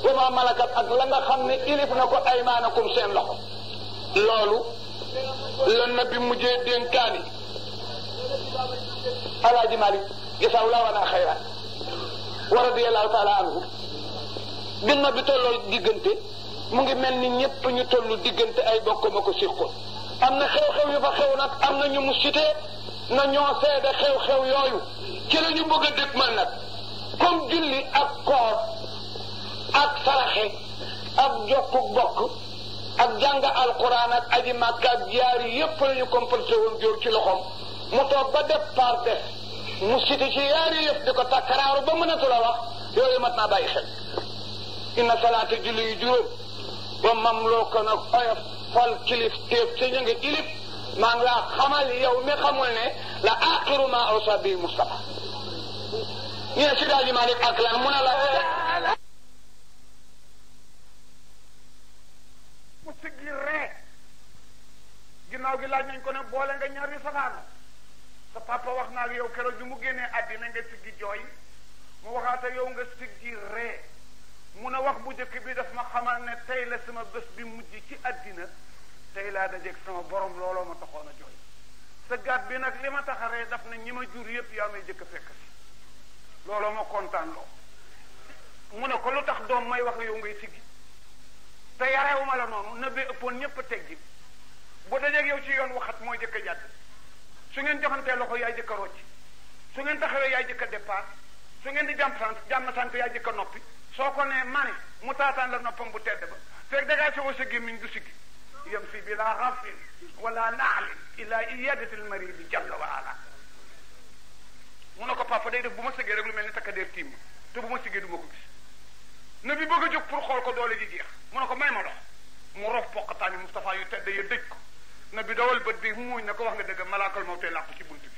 wa ma malakat ak la nga xam ne ilif na ko aymaanakum seen loxo loolu la nabi mujjee dénkaani alaaji Malik gisaaw laa wana xayran wa radiyallahu taala anhu bi ma bi tolloo diggante mu ngi mel ni ñëpp ñu tollu diggante ay bokkuma ko siqoon am na xew-xew yu fa xew nag am na ñu mu cité na ñoo seede xew-xew yooyu ci la ñu bëgg a dégmal nag comme julli ak koor ak saraxe ak jokku bokk ak jàng alquran ak aji màkka ak jaar yépp la ñu complété woon jóor ci loxoom mu toog ba départ def mu ci yaari yëpp di ko takkaraaru ba mënatu wax yooyu mat naa bàyyi xel inna salaata julli yu juróom ba mam loo fal kilif téeb ca ña maa ngi xamal yow mi xamul ne la aqiru ma awsa bi Mustafa ñu ne daal ji Malik ak lan mu ne la mu gi laaj papa wax naa ak yow keroog bi mu génnee àddina nga siggi jooy mu waxaata yow nga siggi ree mun a wax bu njëkk bi daf ma xamal ne tey la sama bés bi mujj ci àddina tey laa dajeeg sama borom looloo ma toxoon a jooy sa gaat bi nag li ma tax a ree daf na ñi ma jur yëpp yaa may jëkk fekk si looloo ma kontaan loo mu ne ko lu tax doom may wax yow ngay siggi te yareewu ma la noonu na bee ëppoon ñépp teggi bu dajeeg yow ci yoon waxat mooy jëkk a su ngeen joxantee loxo yaay jëkk a rocc su ngeen taxawee yaay jëkk a départ su ngeen di jàmm sant jàmm sant yaay jëkk a noppi soo ko nee mane mu taataan la noppam bu tedd ba fekk dagaa sowo sa gémmiñ du siggi yem si bi laa xafin wala naalin ila iyadatil mari bi jalla wa ala mu ne ko papa day def bu ma sëggee rek lu mel ni takkadeer tiim te bu ma sëggee du ma ko gis na bi bëgg a jóg pour xool ko doole ji jeex mu ne ko may ma dox mu rof poqataani Moustapha yu tedd ya dëj ko na bi dawal bët bi muuñ na ko wax nga dëgg malaakal mawte làqu ci bunt bi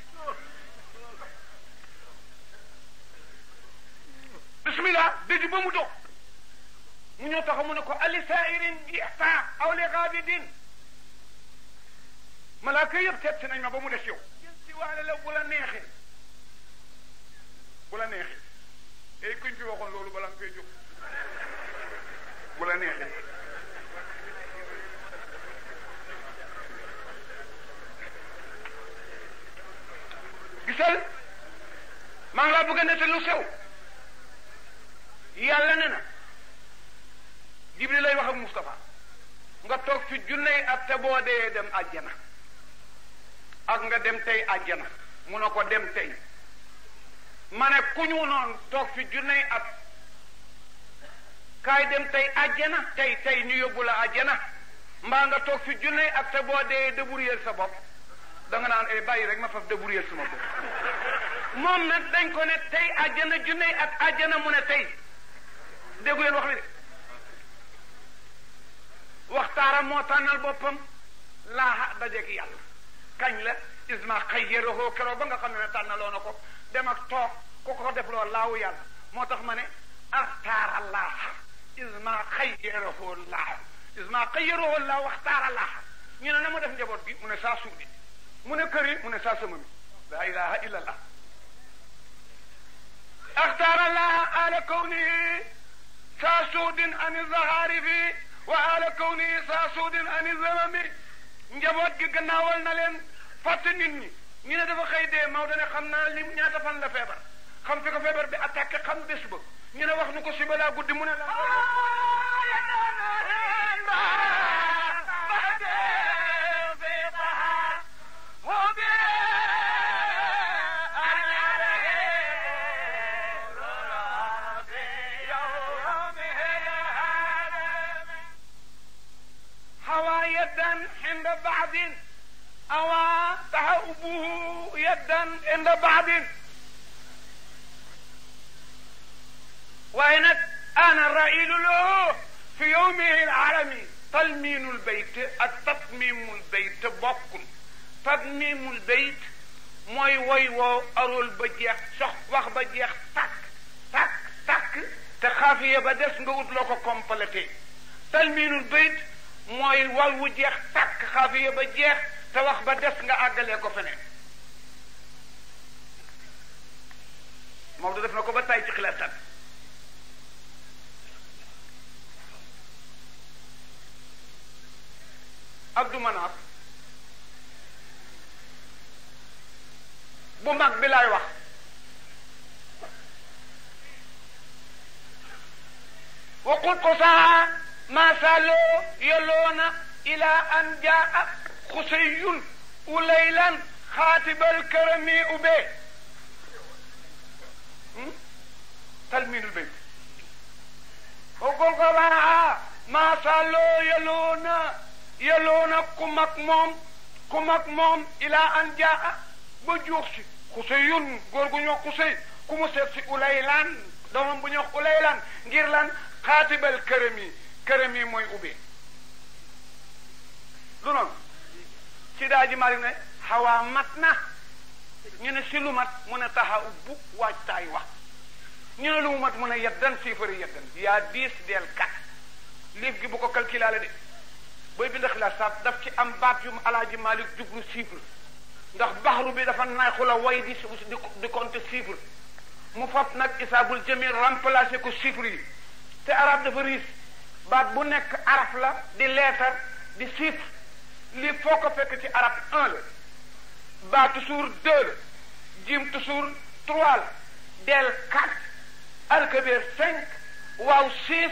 bismillah dëj ba mu dox mu ñëw taxaw mu ne ko ali saairin bi ihsan aw li xaabidin malaaka yëpp seet si nañ ma ba mu des yow jël si waale la bu la neexee bu la neexee ey kuñ fi waxoon loolu balaa nga koy jóg bu la neexee gisal maa ngi laa bëgg a nette lu sew yàlla ne na Jibril lay wax ak Moustapha nga toog fi junney at te boo dee dem àjjana ak nga dem tey àjjana mu ne ko dem tey ma ne ku ñu noonu toog fi junney at kaay dem tey àjjana tey tey ñu yóbbu la àjjana mbaa nga toog fi junney at te boo dee débrouiller sa bopp da nga naan bàyyi rek ma faf débrouiller suma bop mom nak dañ ko ne tay aljana junney ak aljana mu ne tey déggu leen wax li mo tanal bopam la ha laaha dajeeg yàlla kañ la isma xayyarahoo kero ba nga xamné tanalo nako dem ak tok ko ko def lo lawu yàlla motax mané ma ne axtaara laaha isma xayyarahoo laaha isma xayyarahoo laaha waxtaara laaha ñu ne na mo def njabot bi mu ne sa suudi mu ne këri mu ne saa sama mi laa ilaha illa allah اختار الله آل كونه ساسود عن الظهار في وآل كونه ساسود عن الزمم njaboot gi gannaawal na leen fàtte nit ñi ñu ne dafa xëy dee Maodo ne xam naa li ñaata fan la feebar xam fi ko feebar bi attaqué xam bés ba ñu ne wax nu ko suba laa guddi mu ne la يدا عند بعض أو تهوبه يدا عند بعض وإن أنا الرئيل له في يومه العالمي تلمين البيت التطميم البيت بكم ترميم البيت mooy woy woo arool ba jeex sox wax ba jeex tàkk tàkk tàkk te xaafiya ba des nga wut loo ko complété talmiinul bayt mooy wal wu jeex tàkk xaafiya ba jeex te wax ba des nga àggalee ko feneen moom da def na ko ba tay ci xilaatam abdu manaaf bu mag bi laay wax waqul qusaa maa saaloo yelloona ilaa an jaa xuseyun ulaylan xaatibal karami ube hmm? talminul bayt waqul qusaa maa saaloo yelloona yelloona ku mag moom ku mag moom ilaa an jaa ba juux si xuseyun góor ku seet si ulaylaan doomam bu ñu wax ulaylaan ngir lan xaatibal këram yi këram yi mooy ubbee lu noonu si daa ji mat na ñu ne si lu mat mun a taxa ubbu waajtaay wax ñu ne mu mat mun a yeddan yaa diis deel kat liif gi bu ko calculé la de booy bind xilaas saab daf ci am baat yu alaaji Malik jublu ndax baxru bi dafa neexu la way di di di compter chiffre mu fab nag isaabul jamil remplacé ko chiffre yi te arab dafa riis baat bu nekk araf la di leetar di chiffre lii foo ko fekk ci arab un la baa toujours deux la jim toujours trois la del quatre alkabir cinq waaw six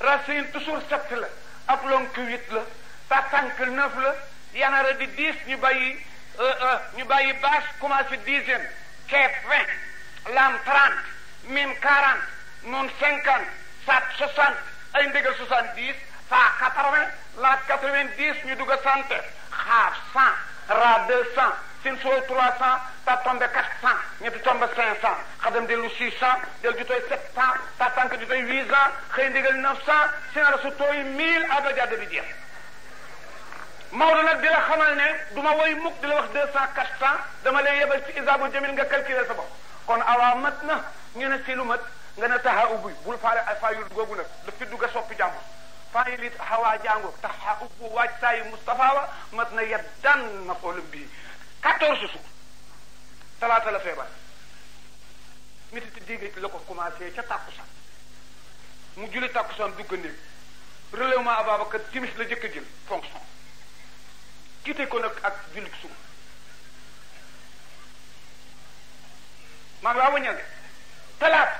racine toujours sept la ab lonk huit la tatank neuf la yanara di dix ñu bàyyi Euh, euh, ñu bàyyi bâche commencé dizaine keef vingt laam trente mim quarante nun cinquante sat soixante ay ndëgal soixante dix faa quatre-vingts laat quatre-vingt-dix ñu dugg santé xaaf cent ra deux cent sin soo trois cent ta tombe quatre cent ñetti tombe cinq cent xadam dellu six cent del ju toy sept cent ta tànk ju toy huit cent xëy ndigal neuf cent si na la su tooy mille abadiada bi jeex Maodo nag di la xamal ne du ma woy mukk di la wax deux cent quatre cent dama lay yebal ci isaabu jamil nga calculer sa bopp kon awaa mat na ñu ne si lu mat nga ne taxa ubbi bul faale ay fayul googu nag daf fi dugg a soppi jàmm fayil it xawaa jàngu taxa ubbu waaj saa yi Moustapha wa mat na yat dan na xoolam bii quatorze jours talaata la feebar métti digg la ko commencé ca tàkkusan mu julli tàkkusan dugg néeg relèvement Ababacar timis la jëkk a jël fonction kite ko nag ak jullit suba maa ngi waaw waññal de talaata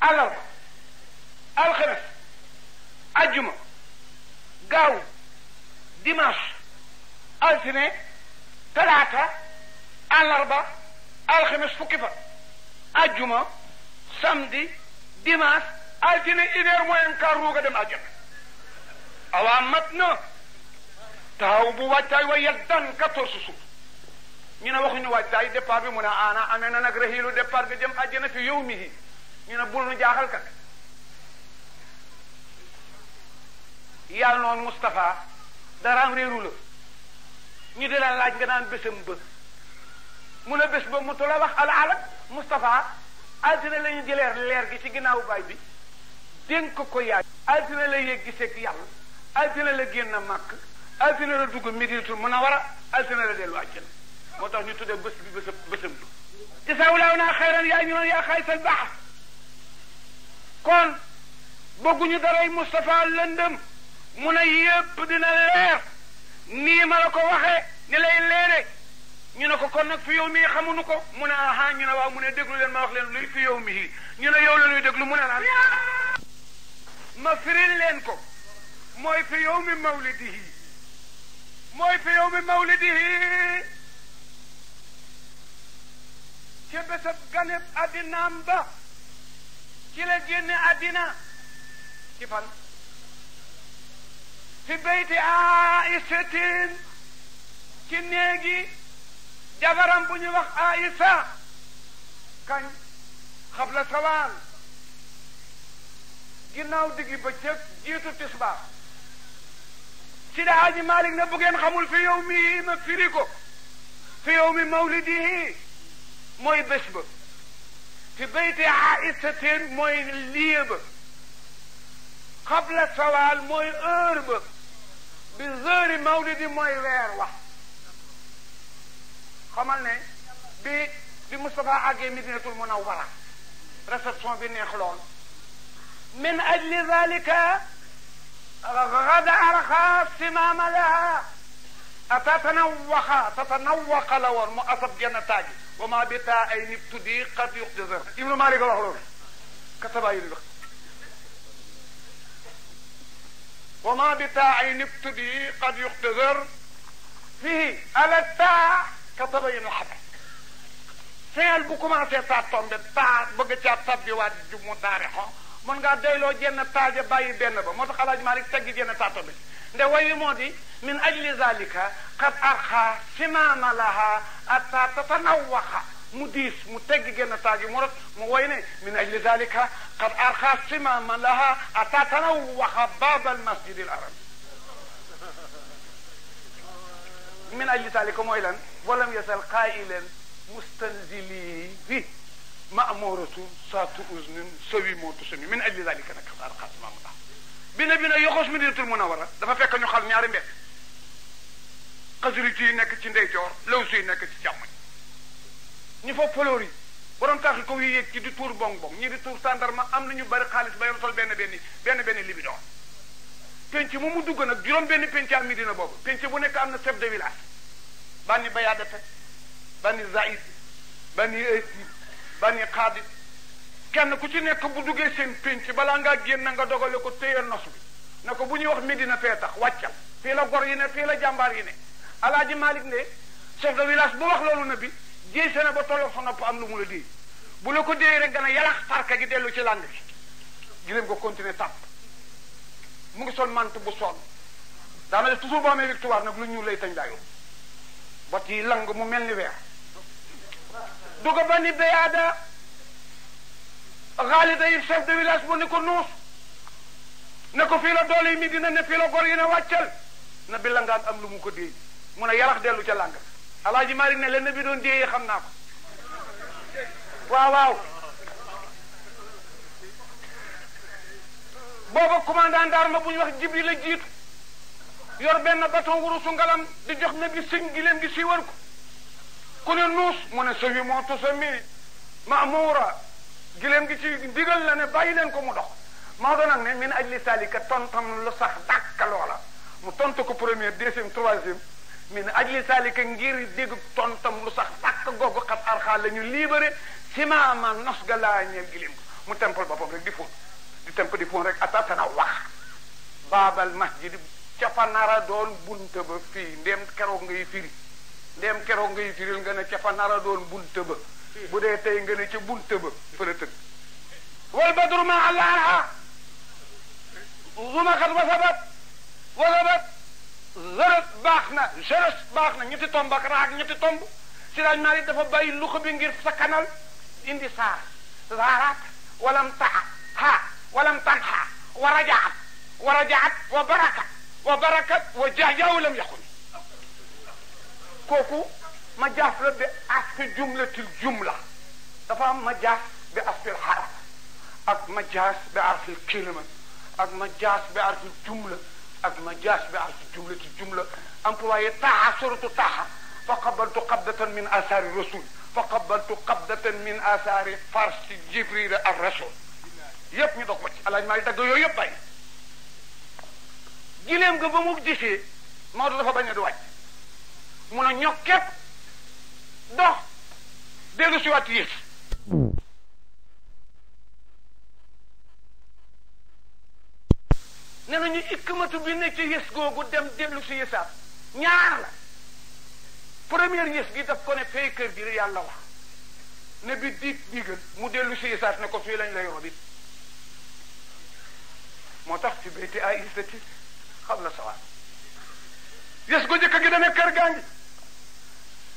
àllarba alxames ajjuma gaaw dimanche altine talaata àllarba alxames fukki fa ajjuma samedi dimanche altine une heure moins quart ruuga dem àjjana awaa mat taxaw bu waajtaay wa yeddan 14 suuf ñu ne waxuñu waajtaay départ bi mu ne aana amee na nag rexiilu départ bi dem àjjana fi yow mi ñu ne bul nu jaaxal kat yàlla noonu Moustapha daraam réeru la ñu di la laaj nga naan bésam ba mu ne bés ba mu tu la wax alaalat Moustapha altine la lañu jëleer leer gi ci ginnaaw baay bi dénk ko yaay altine la yëg giseeg yàlla altine la génn màkk altine la dugg Madinatul Munawwara altine la dellu àjjana moo tax ñu tuddee bés bi bésam bésam bi jasaawulaaw naa xayran yaa ñu yaa xaysal baax kon bëgguñu daray Moustapha lëndëm mu ne yépp dina leer nii ma la ko waxee ni lay leere ñu ne ko kon nag fi yow mii xamuñu ko mu ne aha ñu ne waaw mu ne déglu leen ma wax leen luy fi yow mii ñu ne yow la ñuy déglu mu ne naan ma firil leen ko mooy fi yow mi mawlidihi mooy fi yow mi mawlidihi ca bésab ganeb addinaam ba ci la génne addina ci fan fi bayti aisatin ci néegi jabaram bu ñu wax aisa kañ xabla sawaal ginnaaw diggi bëccëg jiitu tisbaar سيدا حاجي مالك نبو كان خمول في يومه ما فيريكو في يوم مولده موي بشبه في بيت عائسة موي ليب قبل سوال موي أرب بزور مولد موي ويروا خمالني بي بي مصطفى عقي مدينة المنورة رسل صنبين يخلون من أجل ذلك غدا رخاف سمام لها أتتنوخ تتنوخ لور مؤسب جنتاج وما بتا أين ابتدي قد يقدر ابن مالك الله كتب أين بقى. وما بتا أين ابتدي قد يقتدر فيه على التاء كتب أين الحبس سيال بكم عسي ساتون بالتاء بقى واد جمو متاريخه mon nga doylo jenn paaja bàyyi benn ba motax tax Malik tegg jenn tato bi nde way wi di min ajli zalika qad arxa sinaana laha atta tatanawaxa mu diis mu tegg genn taagi mo rot mu way ne min ajli zalika qad arxa sinaana laha atta bab al masjid al haram min ajli zalika mooy lan walam yasal qailan mustanzili fi ma'muratun saatu uznin sawi moo tusami min ajli dalika nag xasaar xaas maamu baax bi na bi na yoxoos Madinatul Munawwara dafa fekk ñu xal ñaari mbedd xasrit yi nekk ci ndeyjoor laws yi nekk ci càmmoñ ñu fa fleur yi borom taaxi ko yi di tuur bong bong ñi di tuur ma am nañu bari xaalis ba yow sol benn benn benn benn libidoor penc mu mu dugg nag juróom benn penc am Medina boobu penc bu nekk am na chef de village banni bayaadate banni zaid banni bani xaadit kenn ku ci nekk bu duggee seen pénc balaa ngaa génn nga dogale ko téye nos bi na ko bu ñuy wax Medina fee tax wàccal fii la gor yi ne fii la jàmbaar yi ne alaaji Malick ne chef de village bu wax loolu na bi jéy se na ba tolloog sa nopp am lu mu la déy bu la ko déy rek na yalax parka gi dellu ci làng gi giléem ko continuer tàpp mu ngi sol mant bu sonn daana def toujours boo amee victoire nag lu ñuul lay tañ daayoo bot yi lang mu mel ni weer duga bani bayaada xaalida yi chef de village mu ni ko nuus ne ko fii doole yi mi dina ne fii la gor yi ne wàccal na bi langaan am lu mu ko déey mun a yarax dellu ca làng alaaji mari ne leen bi doon déeyee xam naa ko waaw waaw booba commandant d'arme bu ñu wax jibli la jiitu yor benn baton wuru su ngalam di jox na bi sëñ gi leen gi si ko ku ne nuus mu ne sa wi moo tusa mi maamuura gileem gi ci ndigal la ne bàyyi leen ko mu dox maa doon ak ne min ajli salika tontam lu sax dàkk loola mu tontu ko premier deuxième troisième min ajli salika ngir dégg tontam lu sax dàkk googu xat arxaa la ñu libéré simaama nos ga laa ñeel gileem mu tempal boppam rek di fóon di temp di fóon rek atatana wax baabal masjid ca fa nara doon bunta ba fii ndem keroog ngay firi dem kéro ngay firil nga ne ca fa nara doon bunte ba bu dee tey nga ne ca bunte ba fa la tëdd wal badru ma allaha anha zumaxat wa sabat wa sabat zërët baax na jërës baax na ñetti tomb ak raag ñetti tomb si daaj maa yi dafa bàyyi luxa bi ngir sa kanal indi sa zarat walam ta ha walam tanha wa rajaat wa rajaat wa baraka wa barakat wa jahjaw lam yakun كوكو ما جاف لا بأسف جملة الجملة دفع ما جاف بأسف الحرف أك ما جاف بأسف الكلمة أك ما جاف بأسف الجملة أك ما جاف بأسف جملة الجملة أم فواي تاها سورة تاها فقبلت قبضة من آثار الرسول فقبلت قبضة من آثار فرس جبريل الرسول يب نيدوك على ما يدق يو جيلم غبو موك ما دو دفا باني mun a ñokket dox dellu si wat yéeg ne nañu ikkmatu bi ne ci yës googu dem dellu si yësaat ñaar la première yës gi daf ko ne fay kër gi yàlla wax ne bi dig digal mu dellu si yësaat ne ko fii lañ lay robit moo tax ci bayti ay isati xam la sawaat yës go gi dane kër gaa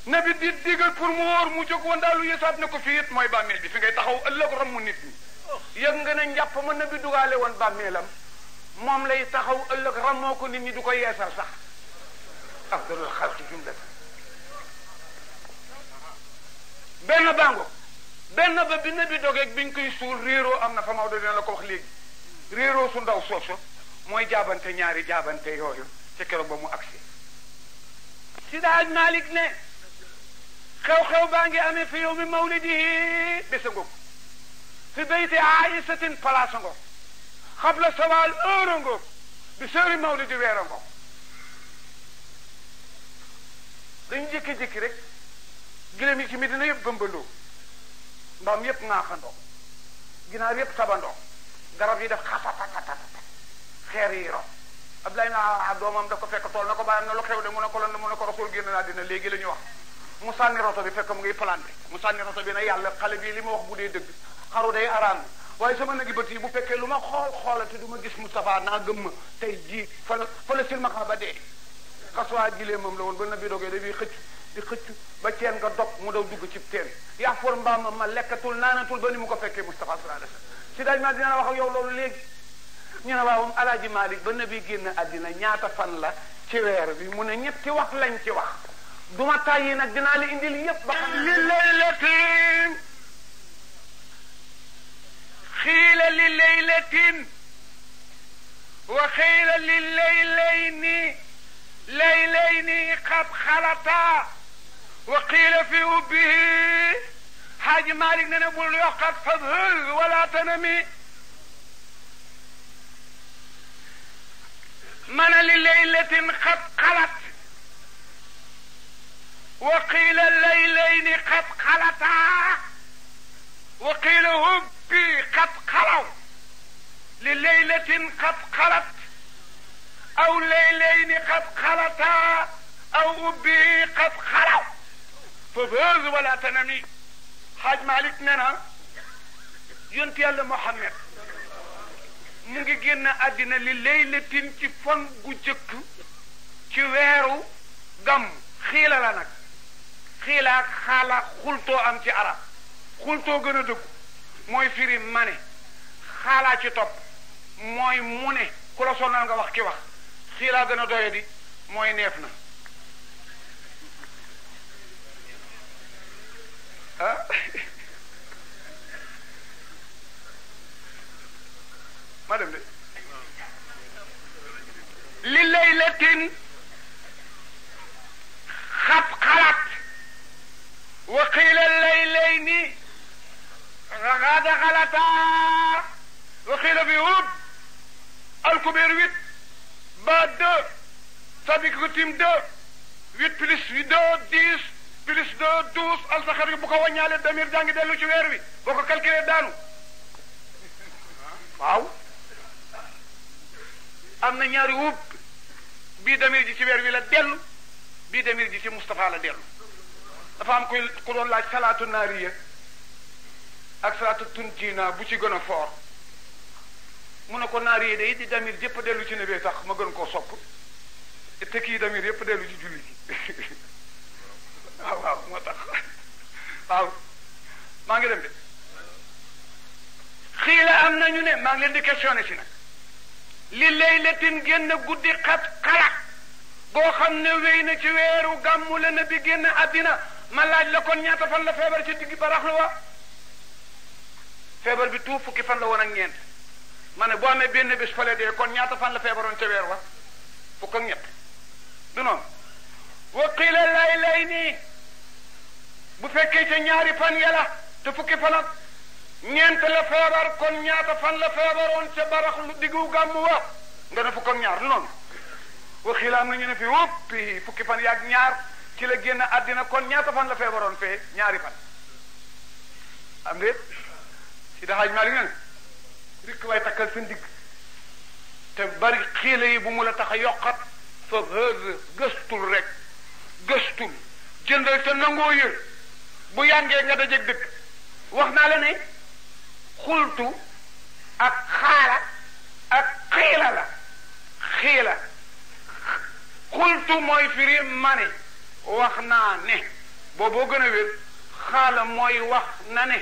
nabi di digal pour mu wóor mu jóg wandaalu yeesaat ne ko fii it mooy bàmmeel bi fi ngay taxaw ëllëg ramu nit ñi yëg nga ne njàpp ma nabi dugaale woon bàmmeelam moom lay taxaw ëllëg ramoo ko nit ñi du ko yeesal sax afdalul xalqi jumlata benn bango benn ba bi nabi dogeeg biñ koy suul réeroo am na fa Maodo dina la ko wax léegi réeroo su ndaw sooso mooy jaabante ñaari jaabante yooyu ca keroog ba mu agsi si daaj Malik ne خو خو بانجي امي في يوم مولده بسنغو في بيت عائشة فلاسنغو قبل سوال اورنغو بسير مولد ويرنغو رنجي كي ذكرك جرمي كي مدينة يبنبلو بام يب ناخندو جنار يب سبندو غرب يدف خطا تا تا تا خيريرو ابلاينا عبدو مام دكو فيك طول نكو بايام نلو خيو دمو نكو لن نمو نكو رسول جينا نادينا ليجي لنيوه mu sànni roto bi fekk mu ngi planté mu sànni roto bi na yàlla xale bi li ma wax bu dee dëgg xaru day araam waaye sama nagi bët yi bu fekkee lu ma xool xoolate du ma gis mu Moustapha naa gëm ma tey jii fa la fa la silmaxa ba dee xasuwaa jilee moom la woon ba nabi dogee dafay xëcc di xëcc ba teen nga dog mu daw dugg ci teen yaa for mbaamam ma lekkatul naanatul ba ni mu ko fekkee Moustapha sallallahu alayhi wasallam si daaj maa dina la wax ak yow loolu léegi ñu ne waawam alaaji Malik ba nabi génn àddina ñaata fan la ci bi mu ne ñetti wax lañ ci wax duma ma nak dina dinaa la indil yëpp ba xam li laylatin xiila li laylatin wa xiila li laylayni laylayni qad khalata wa qiila fi ubbihi haji Malik ne ne bul yokkat fadhul wala tanami mana li laylatin qad khalata وقيل الليلين قد قلتا وقيل هبي قد قلوا لليلة قد قلت أو ليلين قد قلتا أو هبي قد قلوا فبهز ولا تنمي حاج مالك منها ينتي الله محمد mu جينا génn لليلة تنتي فنقو جك fan gu خيلة لنك xiilaak xaala xultoo am ci arab xultoo gën a dëgg mooy firi mane xaalaa ci topp mooy mu ne ku la sonal nga wax ki wax xiilaa gën a doye di mooy neef na ah ma dem de li lay lettin xalaat وقيل الليلين غدا غلطا وقيل بيود الكبير ويت بعد دو سابق كتيم دو ويت بلس ويدو ديس بلس دو دوس الزخاري بو كو وانيال دمير جانغي دلو سي وير وي بوكو كالكيلي دانو واو am na ñaari wub bii damir ji ci weer wi la dellu bii damir ji ci Moustapha la dellu dafa am ku doon laaj salaatu naariya ak salaatu tuntina bu ci gën a foor mu ne ko naariya day di damir yëpp dellu ci nebee tax ma gën koo sopp te kii damir yëpp dellu ci julli gi waaw waaw moo tax waaw maa ngi dem de xii la am nañu ne maa ngi leen di questionné si nag li laylatin génn guddi xat xalaat koo xam ne wéy na ci weeru gàmmu la nabi génn addina ma laaj la kon ñaata fan la feebar ci digg baraxlu wa feebar bi tuuf fukki fan la woon ak ñeent ma ne boo xam ne benn bés fale dee kon ñaata fan la feebaroon ca weer wa fukk ak du noonu wa qila lay lay nii bu fekkee ca ñaari fan yàlla te fukki fan ak ñeent la feebar kon ñaata fan la feebaroon ca baraxlu diggu gàmmu wa nga ne fukk ak du noonu waxiila am na ñu ne fi wóppi fukki fan yaag ñaar ci la génn àddina kon ñaata fan la feebaroon fee ñaari fan am déet si daxaaj maa li nga ne rikk waay te bari xiila yi bu mu la tax a yokkat fa hël gëstul rek jëndal te nangoo yër bu yàngee nga dajeg dëkk wax naa la ne xultu ak xaala ak xiila la xiila xultu mooy firi mane wax naa ne booboo gën a wér xaala mooy wax na ne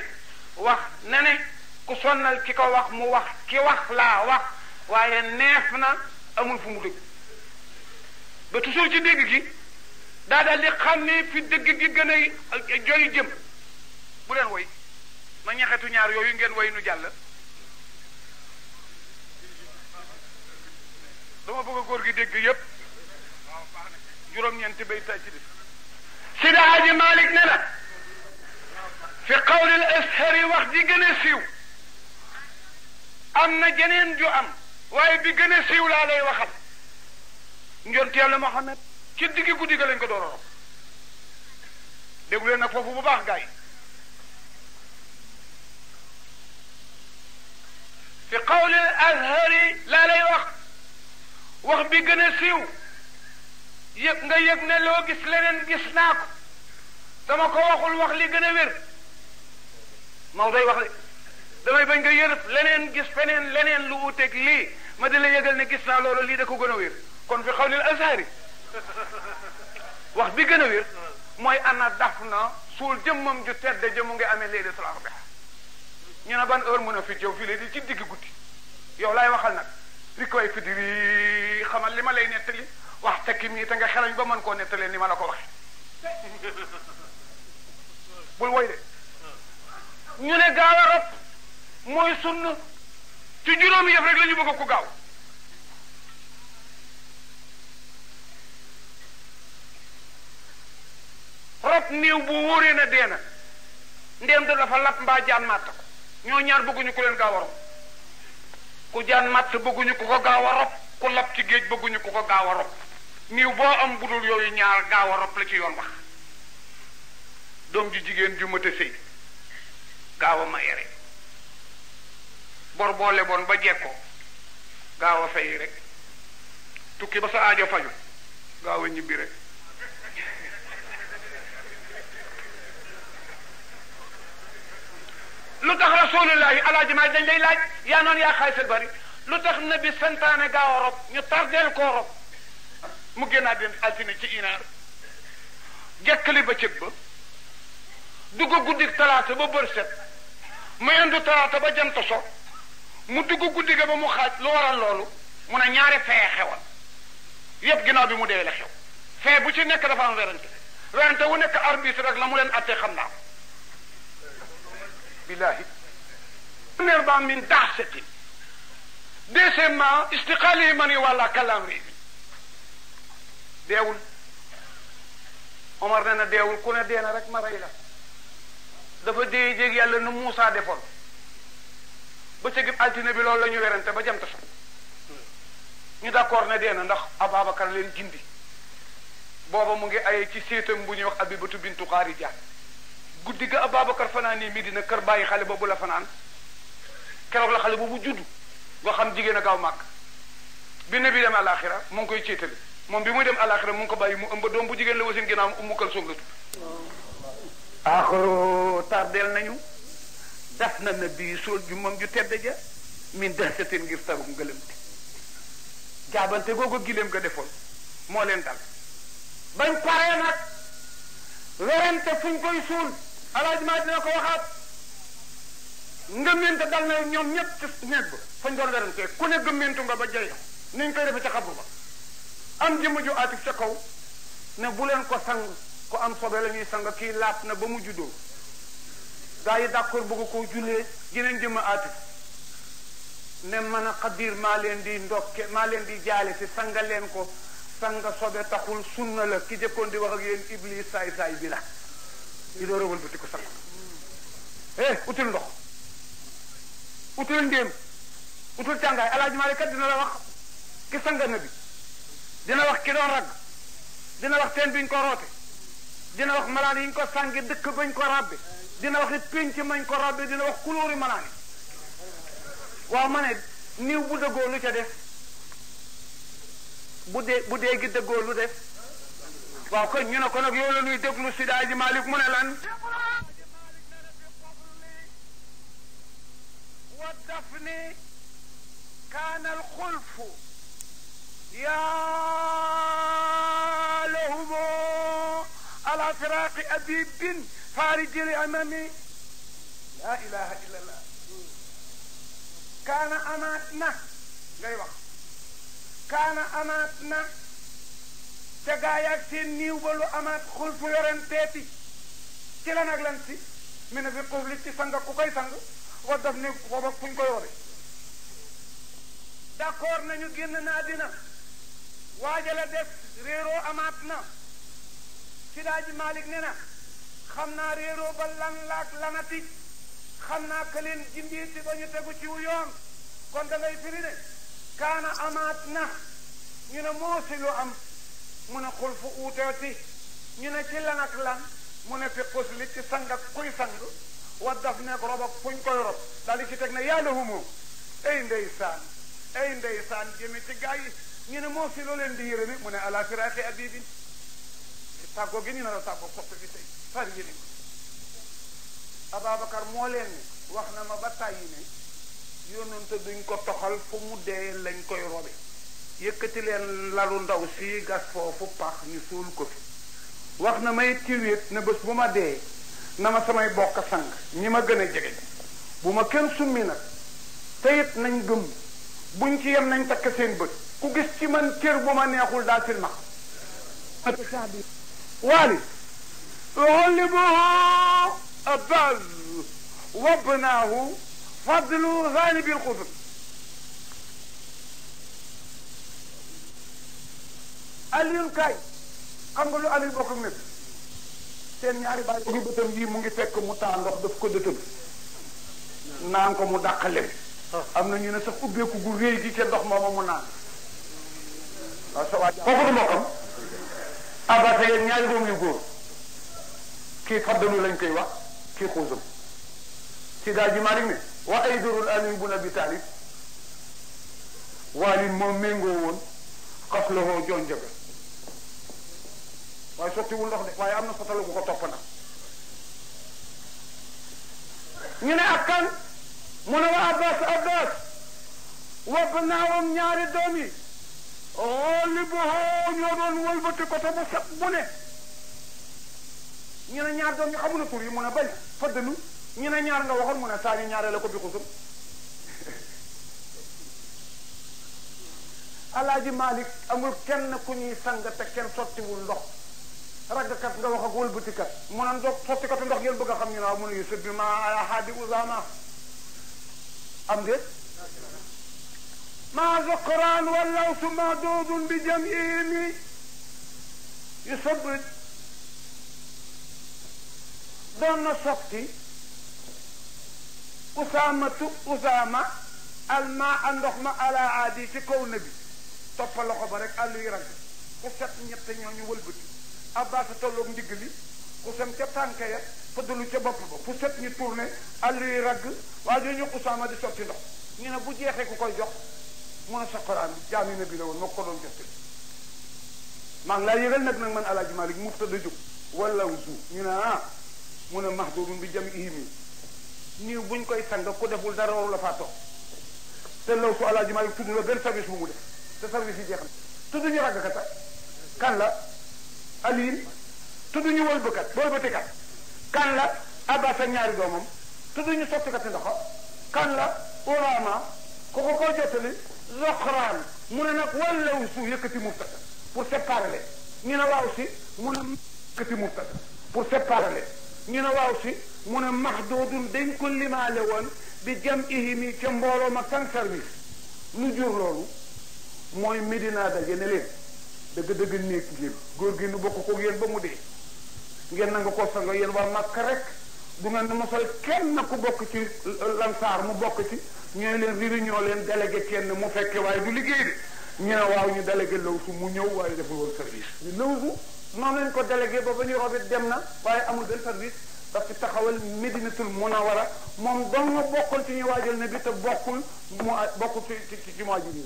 wax na ne ku sonnal ki ko wax mu wax ki wax laa wax waaye neef na amul fu mu dëgg ba toujours ci dégg gi daa daal di xam ne fi dëgg gi gën a joy jëm bu leen woy ma ñaxetu ñaar yooyu ngeen woy nu jàll dama bëgg góor gi dégg yépp juróom-ñeenti bayta ci des Sidi Hadji ne na gën a am na jeneen ju am waaye bi gën a siiw laa lay waxal njont yàlla Mohamed ci diggi guddi ga lañ ko doororo déglu leen nag foofu bu baax gars yi fi qawlil ashari laa lay wax wax bi gën a siiw yëg nga yëg ne loo gis leneen gis naa ko dama ko waxul wax li gën a wér maw day wax damay bañ nga yërëb leneen gis feneen leneen lu wuteeg lii ma di la yëgal ne gis naa loolu lii da ko gën kon fi xaw xawlil azhari wax bi gën a mooy ana daf na suul jëmmam ju tedd jëmu ngi amee laylatul arba'a ñu ne ban heure mën a fi jëw fii léegi ci digg guddi yow laay waxal nag li koy fidiri xamal li ma lay nettali wax takkim nii te nga xelañ ba mën koo nettalee ni ma la ko waxe bul woy de ñu ne gaaw a rob mooy sunn ci juróomi yëf rek la bëgg ku gaaw rob néew bu wóoree na dee na ndéem da dafa lap mbaa jaan màtt ko ñoo ñaar bëgguñu ku leen gaaw rob ku jaan màtt bëgguñu ku ko rob ku lap ci géej bëgguñu ku ko rob niiw boo am budul yooyu ñaar gaaw a rob la ci yoon wax doom ji jigéen ju mët a sëy gaaw a maye rek bor boo leboon ba jekkoo gaaw a fay rek tukki ba sa aajo faju gaaw a ñibbi rek lu tax rasulullahi alaaji maaj dañ lay laaj yaa noonu yaa xaalis bari lu tax nabi santaane gaaw a rob ñu tardeel koo rob mu génn àddina altine ci inaar jekkali bëccëg ba dugg guddik talaata ba bër set mu indu talaata ba jant so mu dugg guddi ga ba mu xaaj lu waral loolu mu ne ñaari fee xewal yépp ginnaaw bi mu dee la xew fee bu ci nekk dafa am werante werante wu nekk arbitre rek la mu leen attee xam naa billahi premièrement min daxsatin deuxièmement istiqaalihi man yi wàlla kalaam réebi deewul Omar ne na deewul ku ne dee na rek ma rey la dafa dee jéeg yàlla nu Muusaa defoon ba ca gib altine bi loolu la ñu werante ba jant so ñu d'accord ne dee na ndax Ababacar leen jindi booba mu ngi aye ci séetam bu ñuy wax ab Abibatu bintu Xaarija guddi ga Ababacar fanaan nii Medina kër bàyyi xale boobu la fanaan keroog la xale boobu juddu nga xam jigéen a gaaw màgg bi ne bi dem àllaaxira mu ngi koy céetali moom bi muy dem àllaaxira mu ngi ko bàyyi mu ëmb doom bu jigéen la wasin ginnaaw Ummu Kalsum la tudd aaxaro tardeel nañu daf na na bii sool ju moom ju tedd ja min def sa teen ngir tarug ngëlëmte jaabante googu gileem nga moo leen dal bañ paree nag werante fuñ koy suul alaaj maa dina ko waxaat ngëmmente dal na ñoom ñëpp ci nekk ba fañ doon werantee ku ne gëmmentu nga ba jey niñ koy defe ca xabru am jëmm ju atik ca kaw ne bu leen ko sang ko am sobe la sang kii laat na ba mu juddoo gaa yi d'accord bëgg koo jullee geneen jëmm atik ne man a xadir maa leen di ndokke maa leen di jaale si sanga leen ko sanga sobe taxul sunna la ki jëkkoon di wax ak yéen iblis saay saay bi la li doo rëwal bëti ko sang eh utul ndox utul ndéem utul càngaay alaaji maale kat dina la wax ki sanga na bi dina wax ki doon ragg dina wax teen biñ ko roote dina wax malaan yiñ ko sànge dëkk bañ ko rabbe dina wax it pénc mañ ko rabbe dina wax kulóori malaan yi waaw ma ne niw bu dëggoo lu ca def bu dee bu dee gi dëggoo lu def waaw kon ñu ne ko nag yow nuy déglu si daay ji Malick mu ne lan والدفن كان الخلف يا لهم على فراق أبيب فارج الأمم لا إله إلا الله كان أماتنا غير كان أماتنا تقايا كتير نيو بلو أمات خلف يرنتيتي كلا نغلنتي من في قبلتي سنغا كوكاي سنغ ودفني وبكم كيوري d'accord nañu génn naa dina waajal a def amaat na sidaaji Malick ne na xam naa réeroo ba lan laak lanati xam naa ka leen jimbiiti ba ñu tegu ci wu yoon kon da ngay firi ne kaana amaat na ñu ne moo si lu am mu ne xul fu uuteeti ñu ne ci lan lan mu ne fi xusli ci sang kuy sang wa daf nekk rob koy rob daal di ci teg ne yàlla humoo ay ndeysaan ay ndeysaan jëmi ci gaa ñu ne moo fi loo leen di yërëme mu ne ala firaaqi abibin tàggoo gi ñu nar a tàggoo soppe bi tey far yéene ko Ababacar moo leen wax na ma ba tàyyi ne yónnante duñ ko toxal fu mu dee lañ koy robe yëkkati leen lalu ndaw si gas foofu pax ñu suul ko fi wax na may ci wéet na bés bu ma dee na ma samay bokk sang ñi ma gën a jege bu ma kenn summi nag te nañ gëm buñ ci yem nañ takk seen bët ku gis ci man cër bu ma neexul daal silmax waali غلبه أباز وابناه فضل غالب القطب alil kay xam nga lu alil bokk ak nekk seen ñaari bàyyi bëtam yi mu ngi fekk mu taa ndox daf ko dëtëm naan ko mu dàq leen am na ñu ne sax ubbeeku gu réy gi ca ndox mooma mu naan waaw sa waay kooku du mbokkam abaté ah, yéen ñaari doom yu góor kii faddalu lañ koy wax kii xuusam ci daal ji maa ne wa ay dorul aliyu bun abi taalib waalin moom méngoo woon xas la woo joon jabe waaye sottiwul ndox de waaye am na sotalu bu ko topp nag ñu ne ak kan mu ne wa abbas abbas wab naawam ñaari doom yi xooli oh, bu xoo ñoo doon wëlbati ko te bu set bu ne ñu ne ñaar doom ñu xamuna tur yi mun a bay faddalu ñu ne ñaar nga waxoon mun a saa ñu ñaaree la ko bi xusum alaaji malik amul kenn ku ñuy sang te kenn sottiwul ndox ragkat nga wax ak wëlbatikat mu ne ndox sottikatu ndox ngeen bëgg a xam ñu ne waaw mu ne yusuf ma ala usama am déet maa zaqraan wallawtu mahdudun bi jam'ihimi yusabbit doon na sotti usaamatu usaama almaa a ndox ma ala aadi ci kaw nabi toppa loxo ba rek àlluy ragg ku set ñett ñooñu wëlbati abbas a tolloog ndigg li ca tànk fëddalu ca bopp ba fu set ñu tourné àll yi ragg waa jo ñu usaama di sotti ndox ñu ne bu jeexee ku koy jox mu ne sa Quraan bi jaami na bi la woon moo ko doon jottali maa ngi laa yëgal nag nag man alaaji Malik mu tëdd jóg wala wusu ñu ne ah mu ne mahdurun bi jam ihimi nii buñ koy sang ku deful dara waru la faa toog te law su alaaji Malik tudd la benn service bu mu def te service yi jeex na tudd ñu raggkat kan la aliin tudd ñu wëlbëkat wëlbëtekat kan la Abbas ak ñaari doomam tudduñu ka ndoxo kan la Urama ku ko ko jottali Zoxraan mu ne nag wallaw su yëkkati murtada pour séparer ñu ne waaw si mu pour séparer ñu ne waaw si mu ne maxdoodun dañ ko limaale woon bi jam ihimi ca mbooloo ma san service lu jur loolu mooy Medina daje ne leen dëgg-dëgg néeg ngeen góor gi nu bokk ko yéen ba mu dee ngeen nangu ko sango yéen waa Makka rek du ngeen mosal kenn ku bokk ci euh, lansaar mu bokk ci ñu ne leen riri ñoo leen délégué kenn mu fekkee waaye du liggéey bi ñu ne waaw ñu délégué lawsu mu ñëw waaye deful woon service ñu lawsu noonu lañ ko délégué ba ba ñuy robit dem na waaye amul benn service parce que taxawal medinatul munawara moom doon nga bokkul ci ñu waajal ne bi te bokkul mu bokkul ci ci ci ci mois ji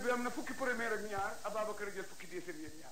bi am na fukki premier ak ñaar Ababacar jël fukki deuxième yéen